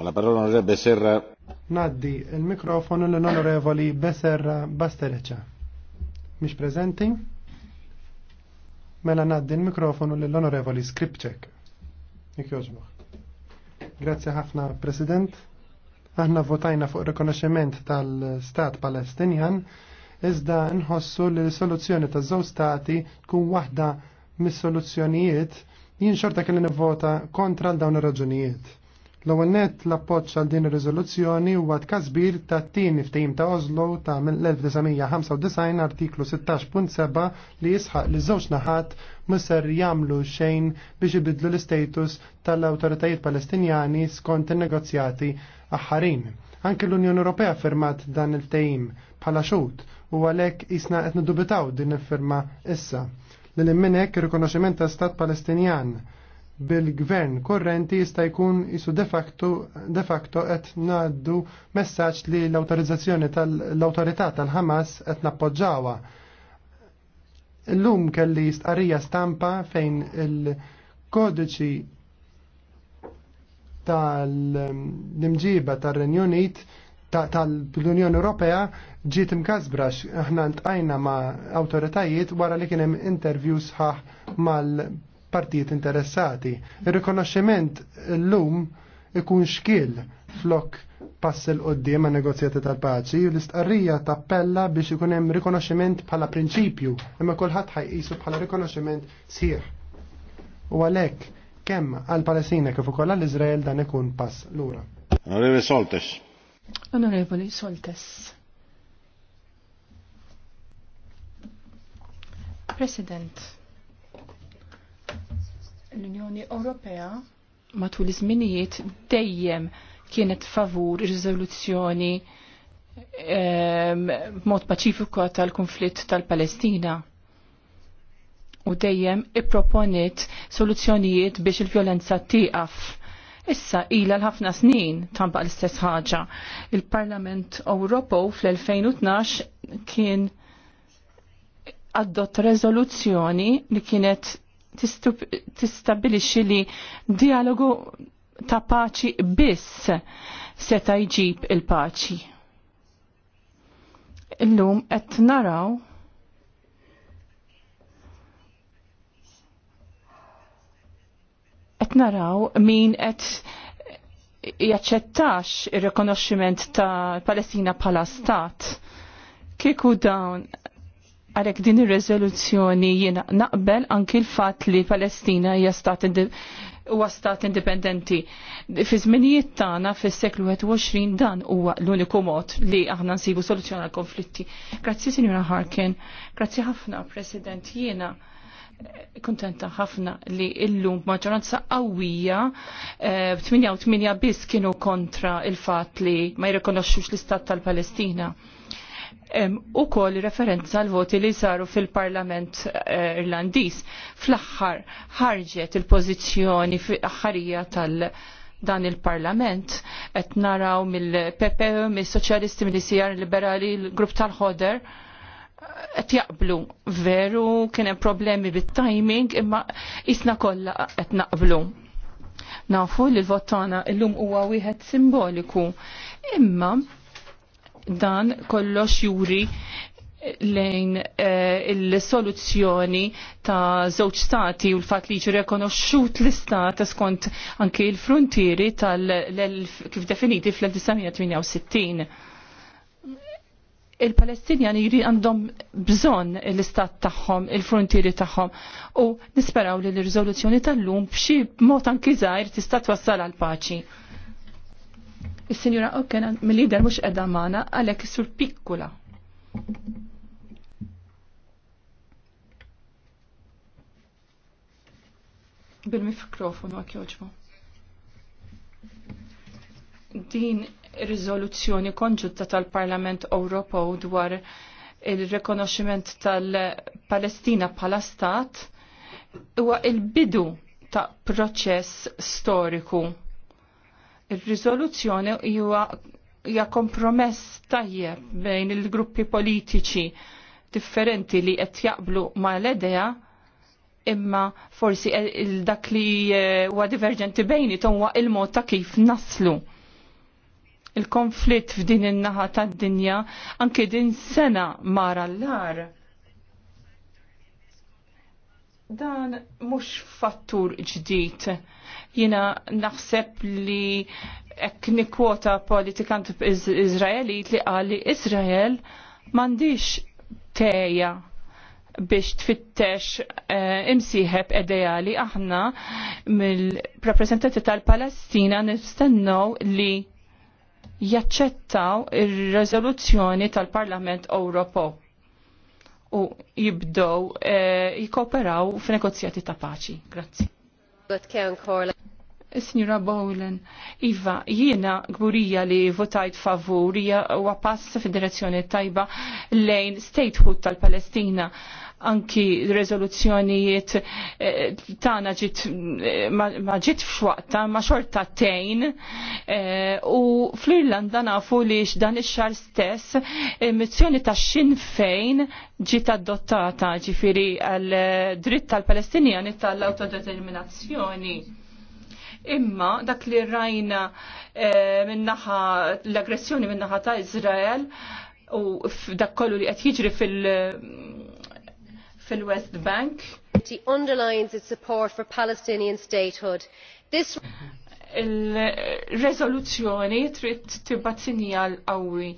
La parola onorevole Becerra. Naddi il-mikrofonu l-onorevoli Becerra Bastereċa. Mix prezenti? Mela naddi il-mikrofonu l-onorevoli Skripċek. Ikjoġbuħ. Grazie ħafna, President. Aħna votajna fuq rikonoxximent tal-Stat Palestinjan, iżda nħossu li l-soluzzjoni ta' żewġ stati tkun waħda mis-soluzzjonijiet jien xorta kelli nivvota kontra l dawn ir-raġunijiet L-ewwel nett l-appoġġ għal din ir-riżoluzzjoni huwa tkażbir tat-tieni ftehim ta' Oslo ta' mill-1995 artiklu 16.7 li jisħaq li żewġ naħat miser jagħmlu xejn biex ibidlu l-istatus tal-awtoritajiet Palestinjani skont in-negozjati aħħarin. Anke l-Unjoni Ewropea firmat dan il-ftehim bħala xut u għalhekk isna qed niddubitaw din il-firma issa. L-imminek ir-rikonoxximent ta' Stat Palestinjan bil-gvern korrenti jista' jkun isu de facto, de facto qed ngħaddu messaġġ li l-awtorizzazzjoni tal-awtorità tal-Ħamas qed nappoġġawha. Illum kelli jistqarrija stampa fejn il-kodiċi tal-imġiba tar-Renju Unit tal-Unjoni Ewropea ġiet imkazbrax aħna ntqajna ma' awtoritajiet wara li kien hemm interview sħaħ mal- partijiet interessati. Ir-rikonoxximent l-lum ikun xkil flok pass il qoddim ma' negozjati tal-paċi u l-istqarrija tappella biex ikun hemm rikonoxximent bħala prinċipju, imma kulħadd ħajqisu bħala rikonoxximent sieħ. U għalhekk kemm għall palestina kif ukoll għall-Iżrael dan ikun pass lura. Onorevoli Soltes. Onorevoli Soltes. President. L-Unjoni Ewropea matul iż-żminijiet dejjem kienet favur riżoluzzjoni ehm, b'mod paċifiku tal-konflitt tal-Palestina u dejjem ipproponiet soluzzjonijiet biex il-vjolenza tieqaf. Issa ila l-ħafna snin tamba l-istess ħaġa. Il-Parlament Ewropew fl-2012 kien adott rezoluzzjoni li kienet tistabilixxi li dialogu ta' paċi biss seta' jġib il-paċi. Illum qed naraw qed naraw min qed jaċċettax ir-rikonoxximent ta' Palestina bħala stat. Kieku dawn Għalek din ir-rezoluzzjoni jiena naqbel anki l-fat li Palestina hija stat huwa stat indipendenti. Fi żminijiet tagħna fis-seklu 21 dan huwa l-uniku mod li aħna nsibu soluzzjoni għal konflitti. Grazzi Sinjura Harkin, grazzi ħafna President jiena eh, kontenta ħafna li illum maġġoranza qawwija eh, b'88 biss kienu kontra il-fatt li ma jirrikonoxxux l-istat tal-Palestina u kol referenza l-voti li saru fil-Parlament eh, Irlandis. Fl-axħar ħarġet il-pozizjoni fil-axħarija tal- dan il-parlament qed naraw mill-PPE, mill-Soċjalisti, mill sijar Liberali, l-Grupp tal-Ħoder qed jaqblu veru kien hemm problemi bit-timing imma isna kollha qed naqblu. Nafu li l-vot il llum huwa wieħed simboliku. Imma dan kollox juri lejn eh, il-soluzzjoni ta' żewġ stati u l-fat li ġiri rekonoxxut l-istat skont anke il-frontieri tal kif definiti fl-1968. Il-Palestinjani jiri għandhom bżonn l-istat tagħhom, il-frontieri tagħhom u nisperaw li l-riżoluzzjoni tal-lum b'xi mod anki żgħir tista' twassal għal paċi. Is-Sinjura Okken mill-lider mhux edha maħna, għalhekk sur pikkula. Bil-mikrofonu għak joġbu. Din riżoluzzjoni konġutta tal-Parlament Ewropew dwar il-rekonoximent tal-Palestina bħala stat huwa il-bidu ta' proċess storiku Il-rizoluzzjoni hija kompromess tajjeb bejn il-gruppi politiċi differenti li qed jaqblu ma l-idea imma forsi e- dak li e, huwa diverġenti bejni huwa il-mod ta' kif naslu. Il-konflitt f'din in-naħa tad-dinja anke din sena mara l-lar dan mhux fattur ġdid. Jiena naħseb li ek nikwota politikant Izraeli li għali Izrael mandiċ teja biex tfittex uh, eh, imsiħeb edajali aħna mill-rappresentanti tal-Palestina nistennew li jaċċettaw ir-reżoluzzjoni tal-Parlament Ewropew u jibdow eh, jikoperaw f'negozjati ta' paċi. Grazzi. Signora Bowlen, Iva, jiena gburija li votajt favur, hija huwa pass fid tajba lejn statehood tal-Palestina anki rezoluzzjonijiet eh, tagħna ġiet eh, ma ġiet f'waqta ma xorta tejn eh, u fl-Irlanda nafu li dan ix-xar stess mizzjoni ta' Sinn Fejn ġiet adottata ġifiri għal dritt tal-Palestinjani tal-autodeterminazzjoni. Imma dak li rajna minnaħa l-aggressjoni minnaħa ta' Izrael u dak kollu li qed jiġri fil- fil-West Bank. It underlines its support for Palestinian statehood. This il-rezoluzzjoni trid tibgħat sinjal qawwi.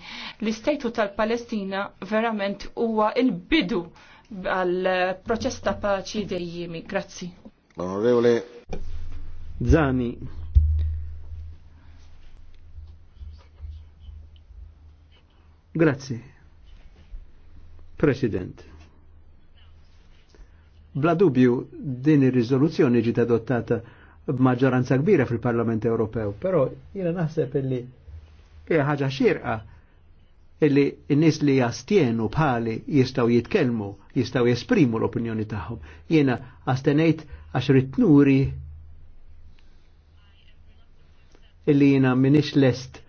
L-istejtu tal-Palestina verament huwa il-bidu għal proċess ta' paċi dejjimi. Grazzi. Onorevole Zani. Grazzi. President. Bla dubju din ir-riżoluzzjoni ġiet adottata b'maġġoranza kbira fil-Parlament Ewropew, però jiena naħseb illi hija ħaġa xirqa illi n-nies li jastienu bħali jistgħu jitkellmu, jistgħu jesprimu l-opinjoni tagħhom. Jiena astenejt għax ritnuri illi jiena minix lest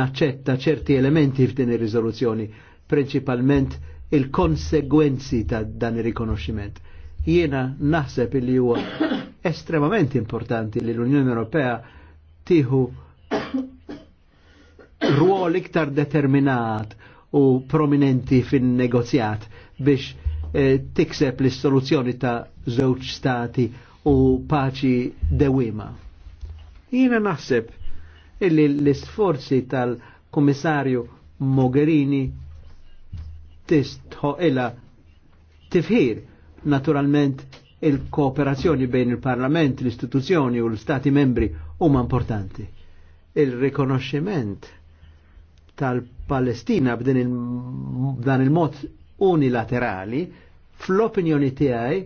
naċċetta ċerti elementi f'din ir-riżoluzzjoni, prinċipalment il-konsegwenzi ta' dan ir-rikonoxximent jiena naħseb li huwa (coughs) estremament importanti li l-Unjoni Ewropea tieħu ruol iktar determinat u prominenti fin-negozjat biex eh, tikseb l-soluzzjoni ta' żewġ stati u paċi dewima. Jiena naħseb illi l-isforzi tal-Kummissarju Mogherini tistħoqila tifħir Naturalment il-kooperazzjoni bejn il-Parlament, l-istituzzjoni u l-Stati membri huma importanti. Il-rikonoxximent tal-Palestina b'dan il-mod il unilaterali fl-opinjoni tiegħi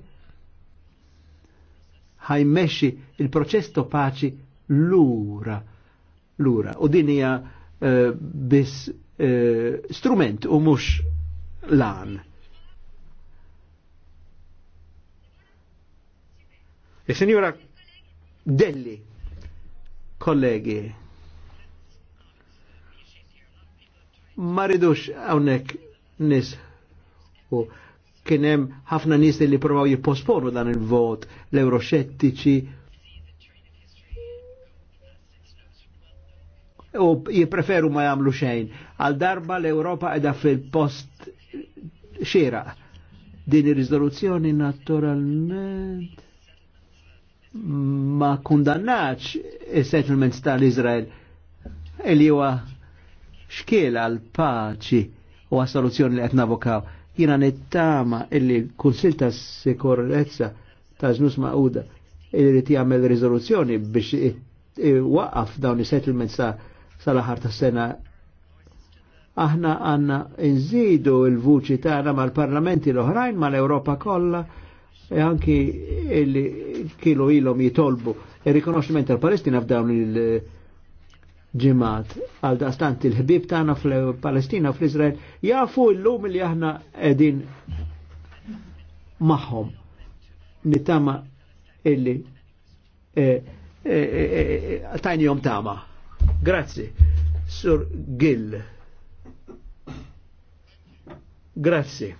ħajmexxi il-proċess ta' paċi lura lura u din hija uh, biss uh, strument u mhux lan. Il-Sinjura Delli, kollegi, maridux ridux għawnek nis u kienem ħafna nis li provaw jipposponu dan il-vot, l-euroxettiċi, u jipreferu ma jamlu xejn. Għal darba l-Europa edha fil-post xira. Din ir-riżoluzzjoni naturalment ma kundannax il-settlements tal-Izrael e li huwa xkiel għal paċi u għal soluzzjoni li qed navokaw. Jiena nittama illi kunsil ta' sikurezza ta' Żnus maquda irrid jagħmel riżoluzzjoni biex waqaf dawn is-settlements sal-aħar ta' sena aħna għanna nżidu il-vuċi tagħna mal-parlamenti l-oħrajn mal-Ewropa kollha e anki illi kienu ilhom jitolbu e rikonoxximent tal-Palestina f'dawn il- ġimat għal daqstant il-ħbib tagħna fl-Palestina fl-Izrael jafu l-lum li aħna qegħdin magħhom nittama illi e, e, e, tajni jom tama. Grazzi. Sur Gill. Grazzi.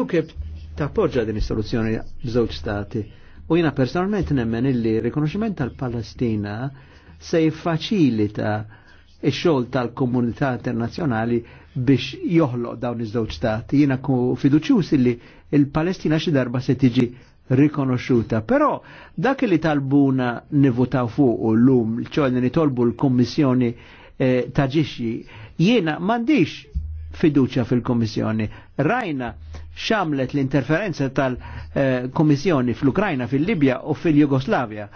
UKIP tappoġġa din is-soluzzjoni żewġ stati. U jiena personalment nemmen illi rikonoxximent tal-Palestina se jiffaċilita ix-xogħol tal-komunità internazzjonali biex joħloq dawn iż-żewġ stati. Jiena ku fiduċjuż illi il-Palestina xi darba se tiġi rikonoxxuta. Però dak li talbuna nivutaw fuq l-lum, ċoħni nitolbu l-Kommissjoni eh, taġixxi, jiena m'għandix fiduċa fil-Komissjoni. Rajna xamlet l-interferenza tal-Komissjoni fl-Ukrajna, fil-Libja u fil-Jugoslavja.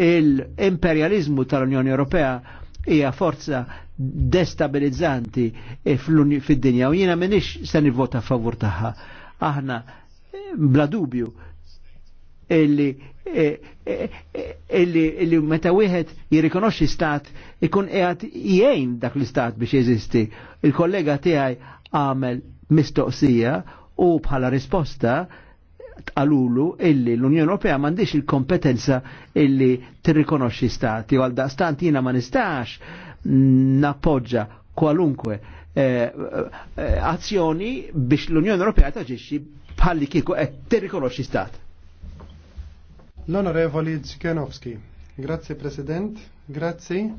Il-imperializmu tal-Unjoni Ewropea hija forza destabilizzanti fid-dinja u jiena minix se nivvota favur tagħha. Aħna bla dubju illi eh, eh, illi illi meta wieħed jirrikonoxxi stat ikun qiegħed jgħin dak l-istat biex jeżisti. Il-kollega tiegħi għamel mistoqsija u bħala risposta tqalulu illi l-Unjoni Ewropea m'għandix il-kompetenza illi tirrikonoxxi stati u għal daqstant jiena ma nistax nappoġġa kwalunkwe eh, azzjoni biex l-Unjoni Ewropea taġixxi bħalli kieku qed tirrikonoxxi stat. L-Onorevoli Dzikenowski, Grazie, President, grazzi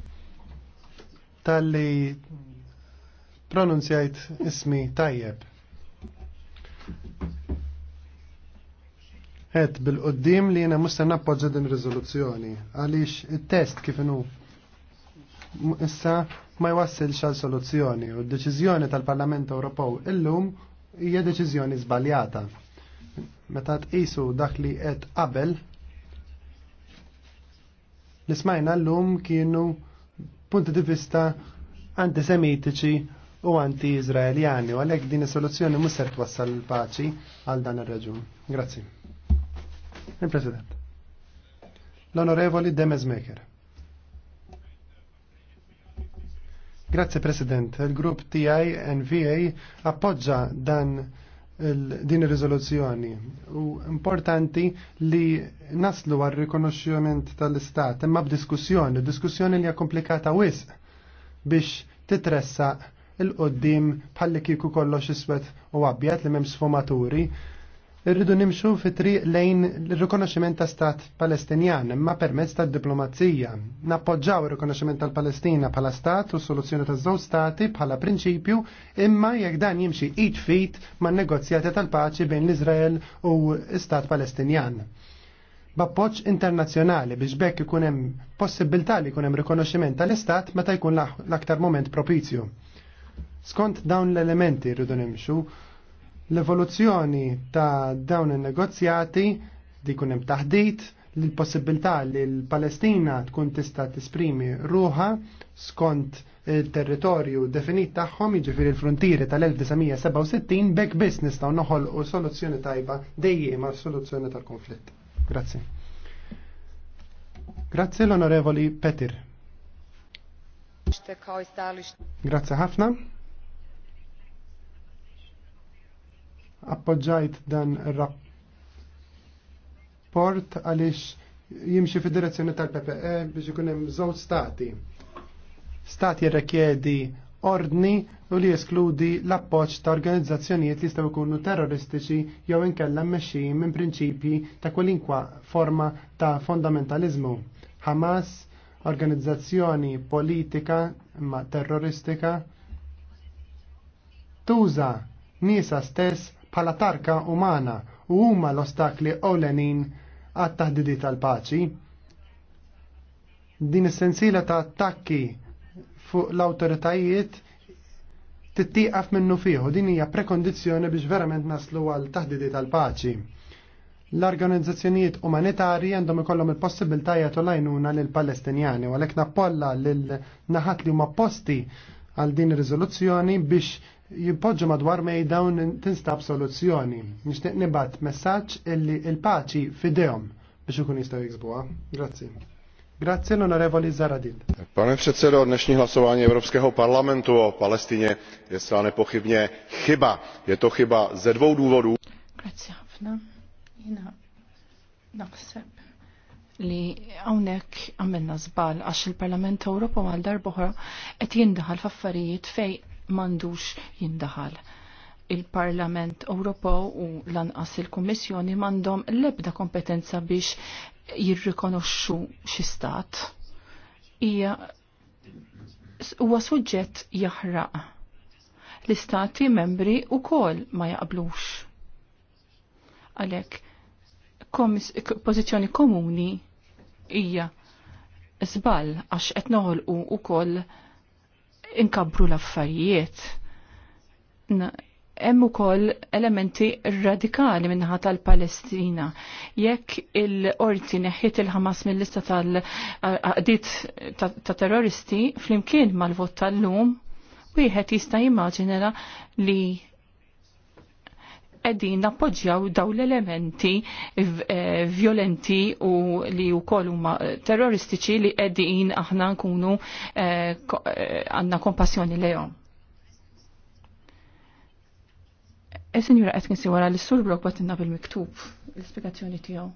tal-li pronunzjajt ismi tajjeb. Et bil-qoddim li jena musta nappoġġa din rizoluzzjoni għaliex il-test kif issa ma jwassil xal soluzzjoni u d-deċizjoni tal-Parlament Ewropew illum hija deċiżjoni żbaljata. Meta tqisu dak li qed qabel li smajna l-lum kienu punti di vista antisemitiċi u anti-izraeljani u għalek din is-soluzzjoni mhux ser twassal l-paċi għal dan ir-raġun. Grazzi. Il-President. L-Onorevoli Demes Maker. Grazie President, il-grupp TI NVA appoggia dan din ir-riżoluzzjoni. U importanti li naslu għal rikonoxxjament tal-Istat imma b'diskussjoni, diskussjoni li hija komplikata wisq biex titressa il-qoddim bħalli kieku kollox iswed u għabjat li m'hemmx sfumaturi Irridu nimxu fi triq lejn l rikonoxximent ta' stat palestinjan, imma permezz ta' diplomazija. Nappoġġaw ir-rikonoxximent tal-Palestina bħala stat u soluzzjoni ta' żewġ stati bħala prinċipju, imma jekk dan jimxi id fit man negozjati tal-paċi bejn l-Iżrael u stat Palestinjan b'appoġġ internazzjonali biex bekk ikun hemm possibilità li jkun hemm rikonoxximent tal-Istat meta jkun l-aktar moment propizju. Skont dawn l-elementi rridu nimxu L-evoluzzjoni ta' dawn il-negozjati di kunem taħdit l-possibilità li l-Palestina tkun tista' tisprimi ruħa skont il-territorju definit tagħhom jiġifieri l-frontieri tal-1967 business biss nistgħu noħolqu soluzzjoni tajba dejjem soluzzjoni tal-konflitt. Grazzi. Grazzi l-Onorevoli Petir. Grazzi ħafna. appoġġajt dan ir-rapport għaliex jimxi fid-direzzjoni tal-PPE biex ikun hemm żewġ stati. Stati jirrikjedi ordni u li jeskludi l-appoġġ ta' organizzazzjonijiet li jistgħu jkunu terroristiċi jew inkella meċi minn prinċipji ta' kwalinkwa forma ta' fondamentalizmu. Hamas, organizzazzjoni politika ma terroristika, tuża nisa stess bħala tarka umana u huma l-ostakli ewlenin għat-taħdidi tal-paċi. Din is-sensiela ta' attakki fuq l-awtoritajiet tittieqaf minnu fieħu din hija prekondizzjoni biex verament naslu għal taħdidi tal-paċi. L-organizzazzjonijiet umanitarji għandhom ikollhom il-possibilità jagħtu lajnuna lill-Palestinjani u għalhekk nappolla lil naħat li huma posti għal din rizoluzzjoni biex jimpoġġu madwar mejda dawn tinstab soluzzjoni. Nixtieq nibat messaċ illi il paċi fidejom biex ukun jistaw jiksbuha. Grazzi. Grazie onorevoli Zaradil. Pane předsedo, dnešní hlasování Evropského parlamentu o Palestině je zcela nepochybně chyba. Je to chyba ze dvou důvodů. Grazie, Hafna. Jina, naħseb li għawnek għamilna zbal għax il-Parlament Ewropa għal darbohra qed jindaħal f'affarijiet fej mandux jindaħal. Il-Parlament Ewropew u lanqas il-Kummissjoni mandom l-ebda kompetenza biex jirrikonoxxu xi stat. Hija huwa suġġett jaħraq. L-istati membri u kol ma jaqblux. Għalek, pożizzjoni komuni hija żball għax qed noħolqu wkoll inkabru l-affarijiet. Hemm ukoll elementi radikali minnaħa tal-Palestina. Jekk il-qorti neħħiet il-Ħamas mill-lista tal-qdiet ta' terroristi flimkien mal-vot tal-lum, wieħed jista' jimmaġinera li qegħdin nappoġġjaw daw l-elementi eh, violenti u li u huma eh, terroristiċi li qegħdin aħna nkunu eh, għanna kompassjoni lejhom. Il-Sinjura qed kinsi wara li sur blok batinna bil-miktub l-ispjegazzjoni tiegħu.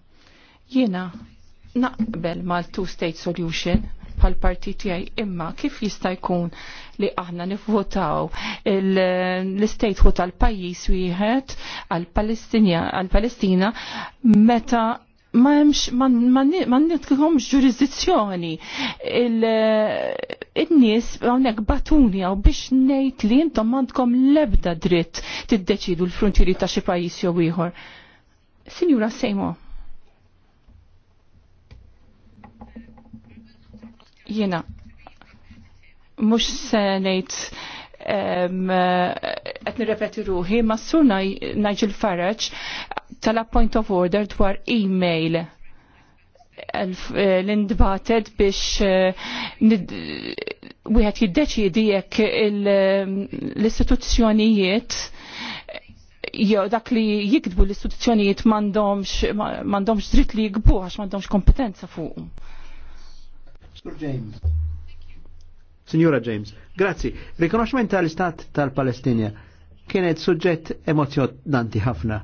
Jiena naqbel mal two-state solution bħal partit tiegħi, imma kif jista' jkun li aħna nifvotaw l-istatħu tal-pajjiż wieħed għal-Palestina meta ma hemmx ma nitkihomx ġurisdizzjoni il-nies hawnhekk batuni għaw biex ngħid li intom m'għandkom l-ebda dritt tiddeċidu l frontiri ta' xi pajjiż jew ieħor. Sinjura Jena, mux senejt qed nirrepeti ruħi, ma s-sur Nigel Farage tala point of order dwar e-mail eh, l-indbated biex eh, wieħed jiddeċiedi jekk l-istituzzjonijiet jew dak li jikdbu l-istituzzjonijiet m'għandhomx dritt li jikbu għax m'għandhomx kompetenza fuqhom. Sur James. Signora James, grazzi. Rikonoxment tal-Istat tal-Palestinja kienet suġġett emozjonanti ħafna.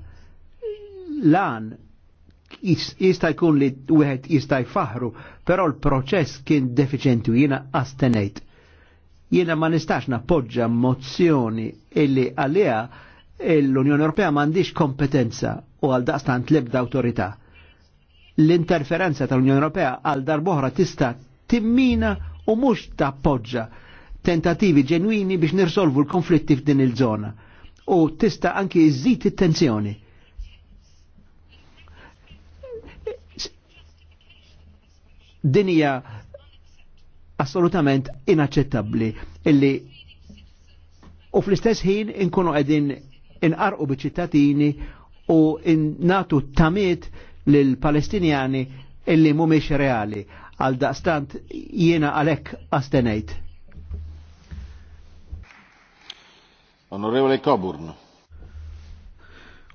Lan jista' jkun li wieħed jista' jfaħru, però l-proċess kien defiċenti u jiena astenejt. Jiena ma nistax nappoġġa mozzjoni illi għaliha l-Unjoni Ewropea m'għandix kompetenza u għal daqstant l-ebda awtorità. L-interferenza tal-Unjoni Ewropea għal darbohra tista' timmina u mhux poġġa tentativi ġenwini biex nirsolvu l-konflitti f'din il-żona u tista' anki iżid it-tensjoni. Din hija assolutament inaċċettabbli illi u fl-istess ħin inkunu qegħdin inqarqu biċ-ċittadini u natu tamiet lil Palestinjani illi mhumiex reali għal daqstant jiena għalek astenejt. Onorevole Coburn.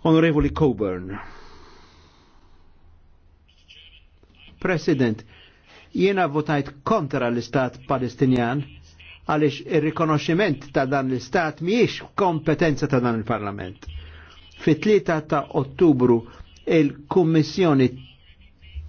Onorevoli Coburn. President, jiena votajt kontra l-istat palestinjan għalix il-rikonoximent ta' dan l-istat miex kompetenza ta' dan il-parlament. Fit-3 ta' ottubru il-Kummissjoni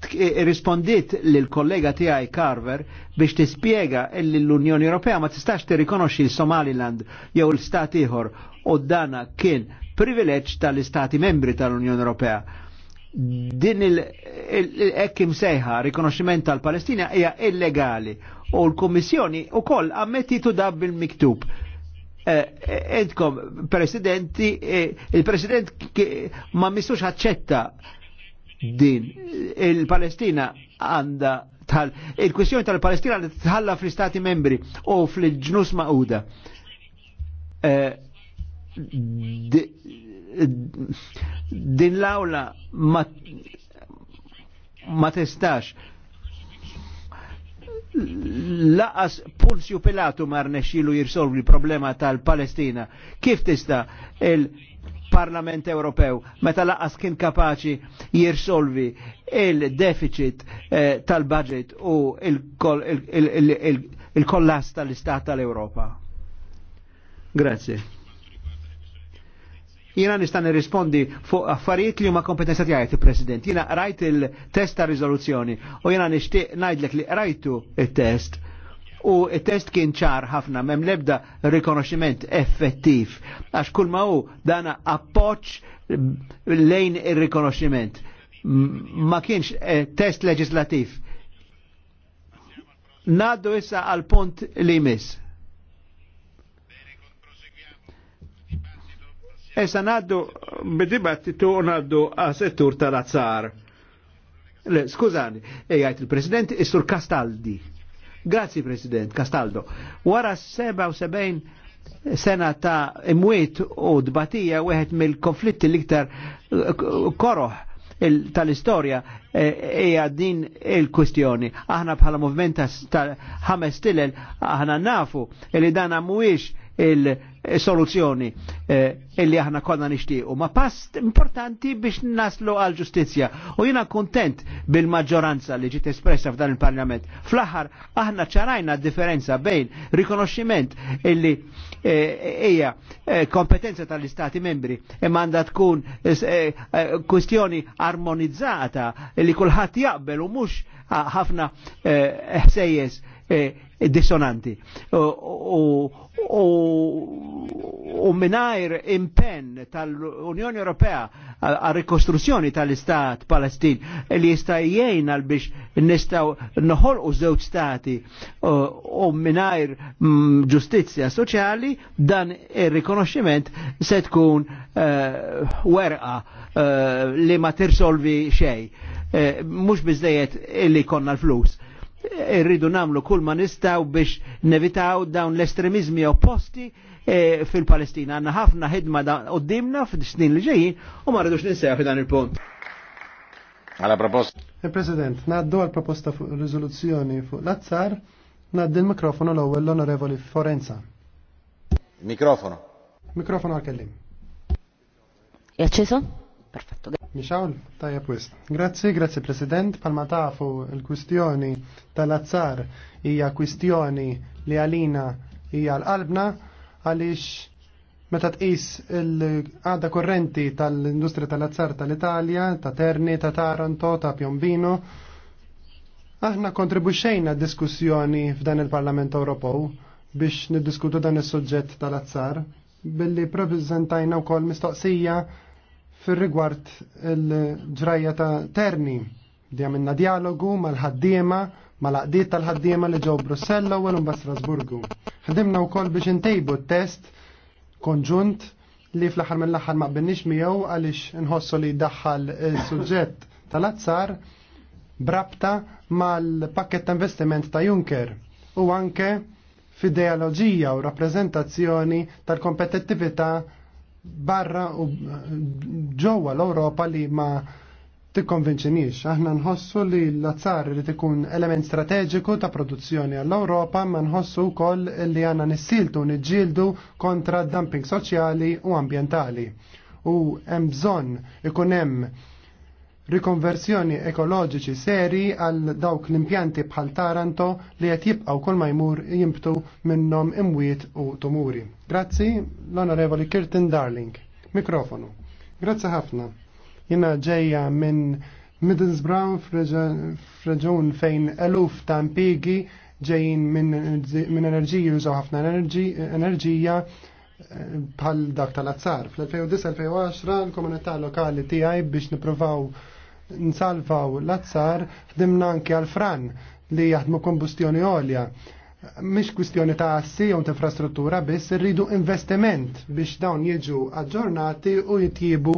E- e rispondit lil kollega tiegħi Carver biex tispjega illi l-Unjoni Ewropea ma tistax tirrikonoxxi l-Somaliland jew l-Stat ieħor u dana kien privileġġ tal-Istati membri tal-Unjoni Ewropea. Din il-ekk imsejħa rikonoxximent tal-Palestina hija illegali u l-Kummissjoni wkoll ammettitu dab bil-miktub. Edkom, eh, eh, presidenti, eh, il-president ma mistux ħaċċetta din. Il-Palestina għanda tal il-kwestjoni tal-Palestina li tħalla fl-Istati membri u fl-ġnus ma'uda. Eh, din l-awla ma testax laqas Pulsju Pilatu mar nexilu jirsolvi l-problema tal-Palestina. Kif tista il- Parlament Ewropew meta laqas kien kapaċi jirsolvi il-deficit eh, tal-budget u il-kollas tal-Istat tal-Europa. Grazie. Jina nistan rispondi fuq affarijiet li huma kompetenza tiegħi President. Jina rajt il-test ta' riżoluzzjoni u jiena nixtieq ngħidlek li rajtu il-test. il test u test kien ċar ħafna mem lebda rikonoximent effettiv għax kull ma hu dana appoċ lejn ir-rikonoximent ma kienx eh, test leġislativ Naddu issa għal punt li miss. Issa naddu bidibattitu naddu għal settur tal-azzar. Skużani, e jgħajt il-President, is-Sur Castaldi. Grazie President Castaldo. Wara 77 sena ta' imwiet u dbatija wieħed mill-konflitti l-iktar eh, koroħ tal-istoria eh, hija din il-kwistjoni. Aħna bħala movimenta ta' ħames tilel aħna nafu li dan mhuwiex il-soluzzjoni eh, illi aħna konna nixtiequ. Ma past importanti biex naslu għal ġustizzja. U jina kontent bil-maġġoranza li ġiet espressa f'dan il-Parlament. Fl-aħħar aħna ċarajna differenza bejn rikonoxximent illi eh, hija eh, kompetenza tal-Istati membri imma għandha tkun kwistjoni armonizzata li kulħadd jaqbel u mhux ħafna ħsejjes Eh, dissonanti. U minajr impenn tal-Unjoni Ewropea għal rikostruzzjoni tal-Istat Palestin li jista' jgħin għal biex nistgħu noħolqu żewġ stati u minajr mm, ġustizzja soċjali dan ir-rikonoxximent se tkun eh, werqa eh, li ma tirsolvi xejn. Mhux biżdejjed illi konna l-flus irridu namlu kull ma nistaw biex nevitaw dawn l-estremizmi opposti e, fil-Palestina. Għanna ħafna ħidma qoddimna snin li ġejjin u ma rridux ninsew f'dan il-punt. Għala proposta. Il-President, eh, naddu għal proposta fuq rizoluzzjoni fuq l-azzar, naddu il-mikrofonu l-ewwel l-Onorevoli Forenza. Mikrofono. Mikrofono għal-kellim. Jaċċeso? Perfetto. Mixawl, tajja wist. Grazzi, grazie, President. Palma tafu il-kwistjoni tal-azzar hija kwistjoni li għalina hija l-qalbna għaliex meta tqis il-għada korrenti tal-industrija tal-azzar tal-Italja, ta' Terni, ta' Taranto, ta' Piombino, aħna kontribuxxejna diskussjoni f'dan il-Parlament Ewropew biex niddiskutu dan is-suġġett tal-azzar billi preżentajna wkoll mistoqsija fil-rigward il-ġrajja ta' terni. Di għamilna dialogu mal-ħaddiema, mal-aqdiet tal-ħaddiema li ġew Brussella u l-umba Strasburgu. Ħdimna wkoll biex intejbu t-test konġunt li fl-aħħar mill-aħħar ma qbilniex miegħu għaliex inħossu li daħħal il-suġġett tal-azzar brabta mal-pakket ta' investiment ta' Juncker u anke fideologija u rappreżentazzjoni tal-kompetittività barra u ġewwa l-Ewropa li ma tikkonvinċinix. Aħna nħossu li l-azzar li tikun element strateġiku ta' produzzjoni għall-Ewropa ma nħossu wkoll li għandna nissiltu niġġieldu kontra dumping soċjali u ambjentali. U hemm bżonn ikun hemm rikonversjoni ekoloġiċi seri għal dawk l-impjanti bħal Taranto li qed jibqgħu kull ma jmur jimbtu minnhom imwiet u tumuri. Grazzi l-Onorevoli Kirtin Darling. Mikrofonu. Grazzi ħafna. Jina ġejja minn Middlesbrough f'reġun fejn eluf ta' impigi ġejjin minn enerġija jużaw ħafna enerġija eh, bħal dak tal-azzar. Fl-2009-2010 l-komunità lokali tiegħi biex niprovaw nsalvaw l-azzar ħdimna anke għal-fran li jaħdmu kombustjoni olja. Mhix kwistjoni ta' assi u infrastruttura biss irridu investiment biex dawn jiġu aġġornati u jitjibu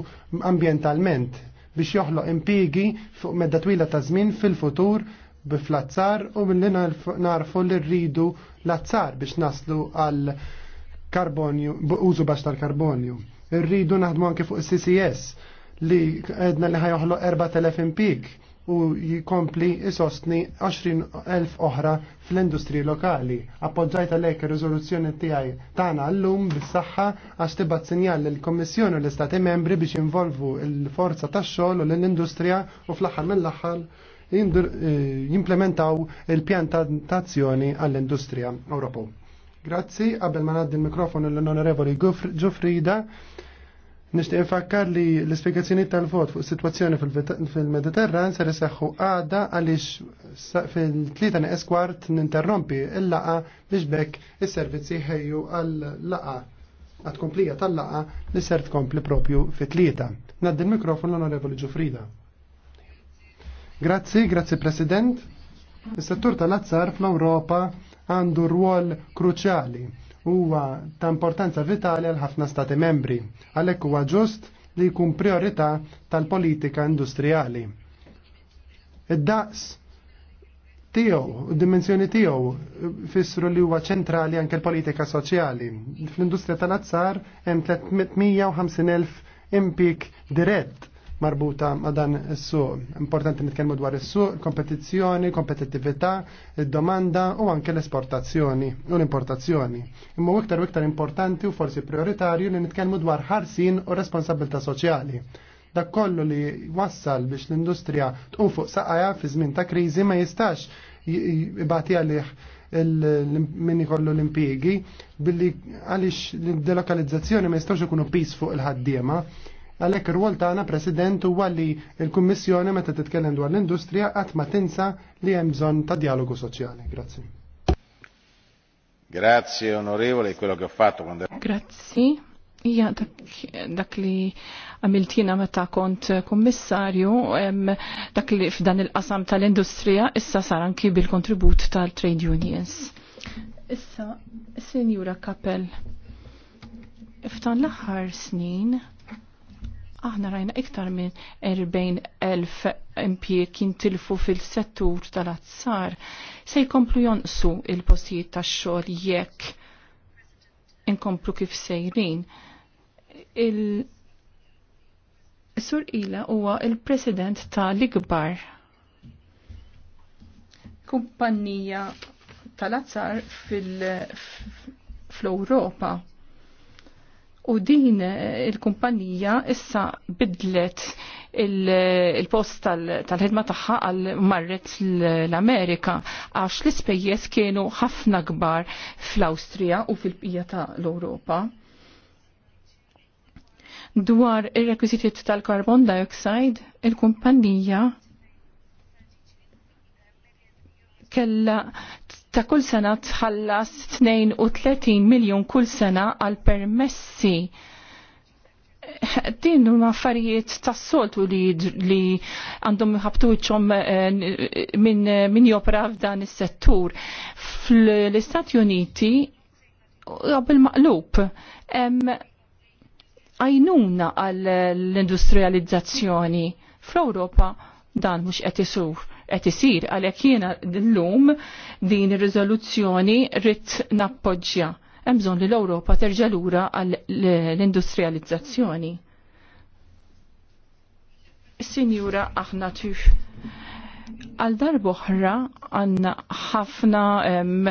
ambientalment biex joħloq impigi fuq medda twila ta' żmien fil-futur fl-azzar u billi narfu li rridu l-azzar biex naslu għal karbonju, użu baċ tal-karbonju. Rridu naħdmu anke fuq CCS li għedna li ħajoħlo 4.000 impik u jikompli isostni 20.000 oħra fl-industriji lokali. Appoġġajt għalhekk ir-riżoluzzjoni tiegħi tagħna llum bis-saħħa għax tibgħat sinjal lill kommissjoni u l-Istati Membri biex jinvolvu l-forza tax-xogħol u l-industrija u fl-aħħar mill-aħħar eh, jimplementaw il pjan tazzjoni għall-industrija Ewropew. Grazzi, qabel ma ngħaddi l-mikrofonu l-Onorevoli Ġufrida Nishtiq infakkar li l-ispjegazzjoni tal-vot fuq situazzjoni fil-Mediterran ser isaħħu għada għaliex fil-tlieta esquart n ninterrompi il-laqa biex bekk is-servizzi ħejju għal-laqa għad komplija tal-laqa li ser tkompli propju fit-tlieta. Naddi l-mikrofon l-Onorevoli Ġufrida. Grazzi, grazzi President. Is-settur tal-azzar fl-Ewropa għandu rwol kruċjali huwa ta' importanza vitali għal ħafna stati membri, għalhekk huwa ġust li jkun priorità tal-politika industrijali. Id-daqs tiegħu, id-dimensjoni tiegħu fissru li huwa ċentrali anke l-politika soċjali. Fl-industrija tal-azzar hemm 350,000 impik dirett marbuta ma' dan is-suq. Importanti nitkellmu dwar is-suq, kompetizzjoni, kompetittività, id-domanda u anke l-esportazzjoni u l-importazzjoni. Imma iktar u iktar importanti u forsi prioritarju li nitkellmu dwar ħarsin u responsabilità soċjali dak kollu li wassal biex l-industrija tqum fuq saqajja fi żmien ta' kriżi ma jistax jibati għalih min ikollu l impiegi billi għaliex l-delokalizzazzjoni ma jistax ikunu peaceful fuq il-ħaddiema Għalhekk ir-rwol tagħna President huwa li l-Kummissjoni meta titkellem dwar l-industrija għat ma tinsa li hemm bżonn ta' dialogu soċjali. Grazzi. Grazie onorevole, quello che ho fatto quando... Grazie. Ja, dak, dak li għamiltina meta kont kommissarju, dak li f'dan il-qasam tal-industrija, issa sar anki bil-kontribut tal-trade unions. Issa, Senjura Kapel, f'dan l-aħħar snin, aħna rajna iktar minn 40.000 impjieg kintilfu fil-settur tal-azzar se jkomplu jonqsu il-postijiet tax-xogħol jekk inkomplu kif sejrin. Il Sur Ila huwa il-president tal-ikbar kumpanija tal-azzar fil-Europa. fil, U din eh, il-kumpanija issa bidlet il-post tal-ħidma tagħha għal marret l-Amerika għax l-ispejjeż kienu ħafna kbar fl-Awstrija u fil-bqija ta' l-Ewropa. Dwar ir-rekwiżitiet tal-carbon dioxide, il-kumpanija kella ta' kull sena tħallas 32 miljon kull sena għal permessi. Din huma affarijiet tas-soltu li, għandhom ħabtu eh, minn min jopra f'dan is-settur. Fl-Istati Uniti qabel maqlub hemm għajnuna għall-industrializzazzjoni. Fl-Ewropa dan mhux qed isur qed isir għalhekk jiena llum din ir-riżoluzzjoni rrid nappoġġja. Hemm bżonn li l-Ewropa terġa' lura għall-industrializzazzjoni. Sinjura aħna tux għal darboħra għanna ħafna eh,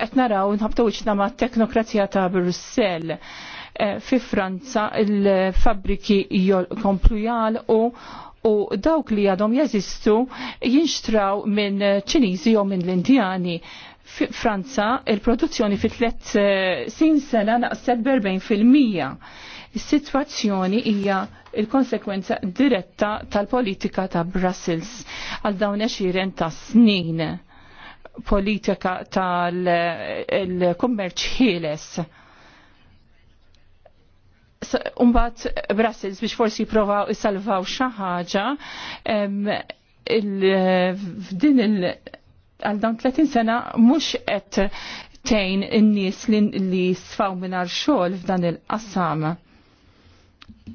qed naraw nħabtu ma' teknokrazija ta' Brussell. Eh, fi Franza il-fabriki komplu u u dawk li għadhom jeżistu jinxtraw minn Ċiniżi jew minn l-Indjani. Franza il-produzzjoni fi tlet eh, sin sena naqset b'40 fil-mija. Is-sitwazzjoni hija il-konsekwenza diretta tal-politika ta' Brussels għal dawn eċiren ta' snin politika tal-kummerċ eh, ħieles Umbat Brussels biex forsi jiprovaw jisalvaw xaħġa f'din il- għal dawn 30 sena mhux qed tgħin in-nies li sfaw mingħajr xogħol f'dan il-qassam.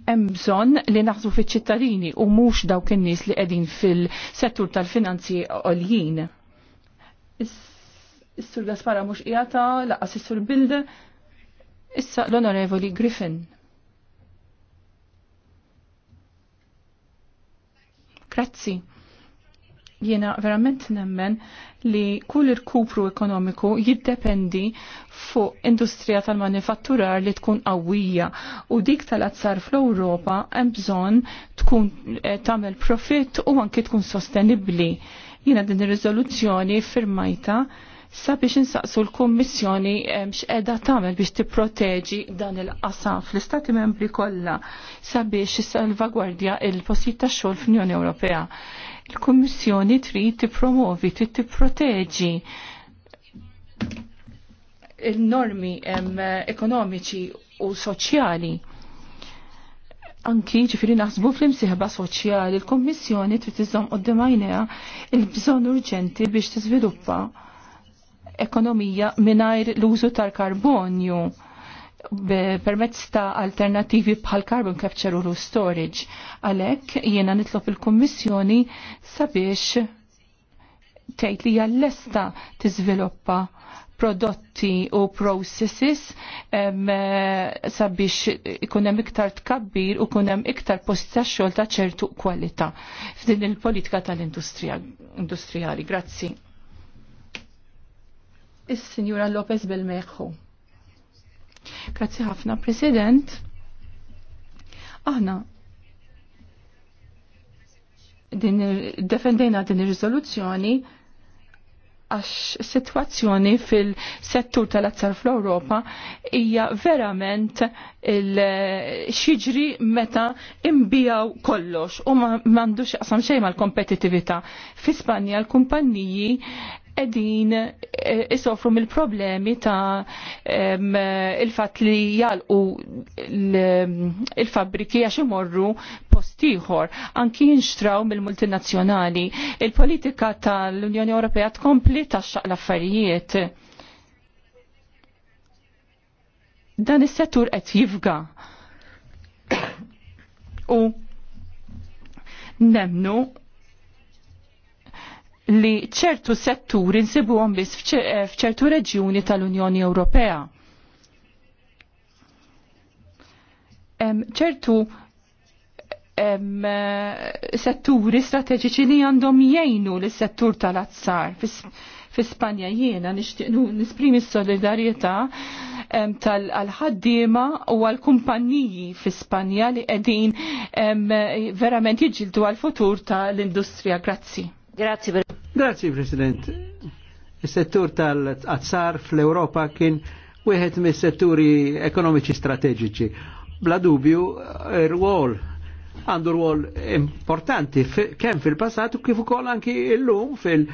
Hemm bżonn li naħdu fiċ-ċittadini u mhux dawk in-nies li qegħdin fil-settur tal-finanzi għoljin. Is-sur Gaspara mhux qiegħata, laqas is-sur Bilde, issa l-Onorevoli Griffin. Grazzi. Jiena verament nemmen li kull irkupru ekonomiku jiddependi fuq industrija tal-manifatturar li tkun qawwija u dik tal-azzar fl-Ewropa hemm bżonn tkun eh, tagħmel profitt u anke tkun sostenibbli. Jiena din ir-riżoluzzjoni firmajta sabiex insaqsu l-Kummissjoni x'qeda tagħmel biex tipproteġi dan il-qasam fl-Istati Membri kollha sabiex is-salvagwardja il-postijiet tax-xogħol fl-Unjoni Ewropea. Il-Kummissjoni trid tippromovi, trid tipproteġi il-normi ekonomiċi u soċjali anki ġifiri naħsbu fl imsieħba soċjali, l-Kommissjoni trid iżżomm qudiem għajnejha il-bżonn urġenti biex tiżviluppa ekonomija mingħajr l-użu tal-karbonju permezz ta' alternativi bħal carbon capture u storage. Għalhekk jiena nitlob il-Kummissjoni sabiex tgħid li hija lesta tiżviluppa prodotti u processes eh, sabiex ikun hemm iktar tkabbir u kun hemm iktar post ta' xogħol ta' ċertu kwalità f'din il-politika tal-industrija industrijali. Grazzi il sinjura Lopez Belmejo. Grazzi ħafna, President. Aħna din defendejna din ir-riżoluzzjoni għax situazzjoni fil-settur tal-azzar fl-Europa hija verament il-xiġri meta imbijaw kollox u mandux jaqsam xejn mal kompetitività Fi Spanja l-kumpanniji edin eh, isofru mill-problemi ta' eh, il-fat li jalqu il-fabriki għax imorru postiħor anki jinxtraw mill-multinazzjonali. Il-politika tal-Unjoni Ewropea tkompli ta' xaq l-affarijiet. Dan is-settur qed jifga. U nemnu li ċertu setturi nsibuhom biss eh, f'ċertu reġjuni tal-Unjoni Ewropea. ċertu eh, setturi strateġiċi li għandhom jgħinu l settur tal-azzar fi Spanja jiena nisprimi s-solidarieta tal-ħaddima u għal-kumpanniji fi Spanja li qegħdin eh, verament jġildu għal-futur tal-industrija. Grazzi. Grazie, pre Grazie President. Il-settur tal-azzar fl-Europa kien wieħed mis-setturi ekonomiċi strategiċi. Bla dubju, ir-wol għandu rwol importanti kemm fil-passat u kif ukoll anki illum fil-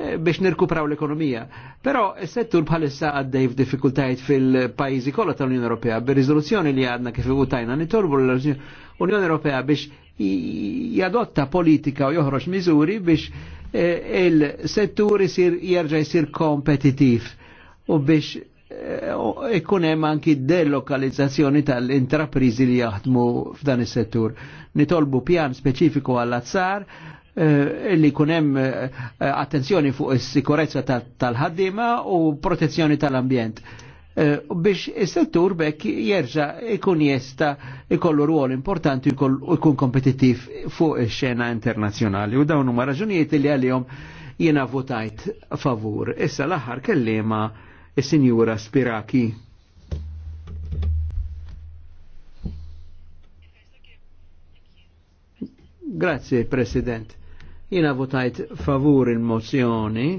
biex nirkupraw l-ekonomija. Però s-settur bħalissa għaddej f'diffikultajiet fil-pajjiżi kollha tal-Unjoni Ewropea bir-riżoluzzjoni li għadna kif u nitolbu l-Unjoni Ewropea biex jadotta politika u joħroġ miżuri biex il eh, il-settur jerġa' jsir kompetitiv u biex eh, ikun hemm anki delokalizzazzjoni tal-intrapriżi li jaħdmu f'dan is-settur. Nitolbu pjan speċifiku għall-azzar eh, li kun hemm attenzjoni fuq is-sikurezza tal-ħaddiema u protezzjoni tal-ambjent. tal ambjent u eh, biex il settur bekk jerġa' ikun jesta ikollu ruol importanti u ikun kompetitiv fuq il xena internazjonali. u dawnu ma raġunijiet li għal-jom jena votajt favur. Issa l-aħħar kellima il sinjura Spiraki. Grazie President. Jena votajt favur il-mozzjoni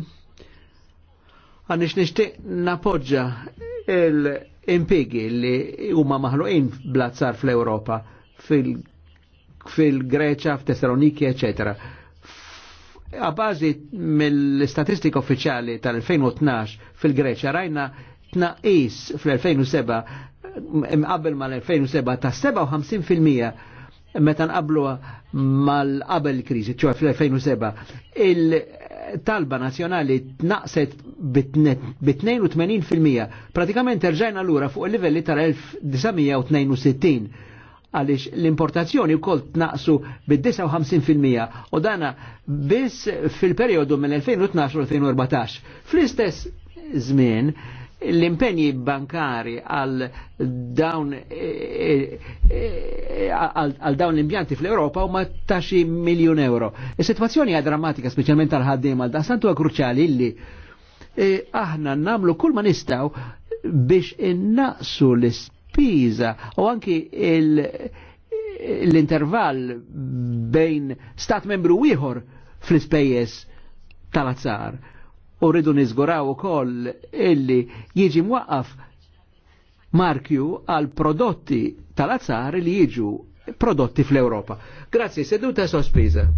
għanix nishtiq napoġġa l-impigi li huma maħluqin blazzar fl-Europa fil-Greċa, f'Tessaloniki, eccetera. A bażi mill-istatistika uffiċjali tal-2012 fil-Greċa rajna tnaqis fl-2007 qabel mal-2007 ta' 57% meta nqablu mal-qabel kriżi, ċuwa fl-2007, talba nazjonali tnaqset bit-82%. Pratikament erġajna l-ura fuq il-livelli tal-1962 għalix l-importazzjoni wkoll tnaqsu bid-59% u dana biss fil-periodu mill-2012 2014. Fl-istess żmien l-impenji bankari għal dawn e, e, e, għal dawn l-impjanti fl-Europa u ma taxi miljon euro. Is-sitwazzjoni hija drammatika specialment għal ħaddim għal da' santu kruċjali illi aħna namlu kull ma nistaw biex innaqsu l spiza u anki l-intervall bejn stat membru wieħor fl-ispejjeż tal-azzar u rridu nizguraw u koll illi jieġi mwaqqaf markju għal prodotti tal-azzar li jieġu prodotti fl-Europa. Grazie, seduta sospiża.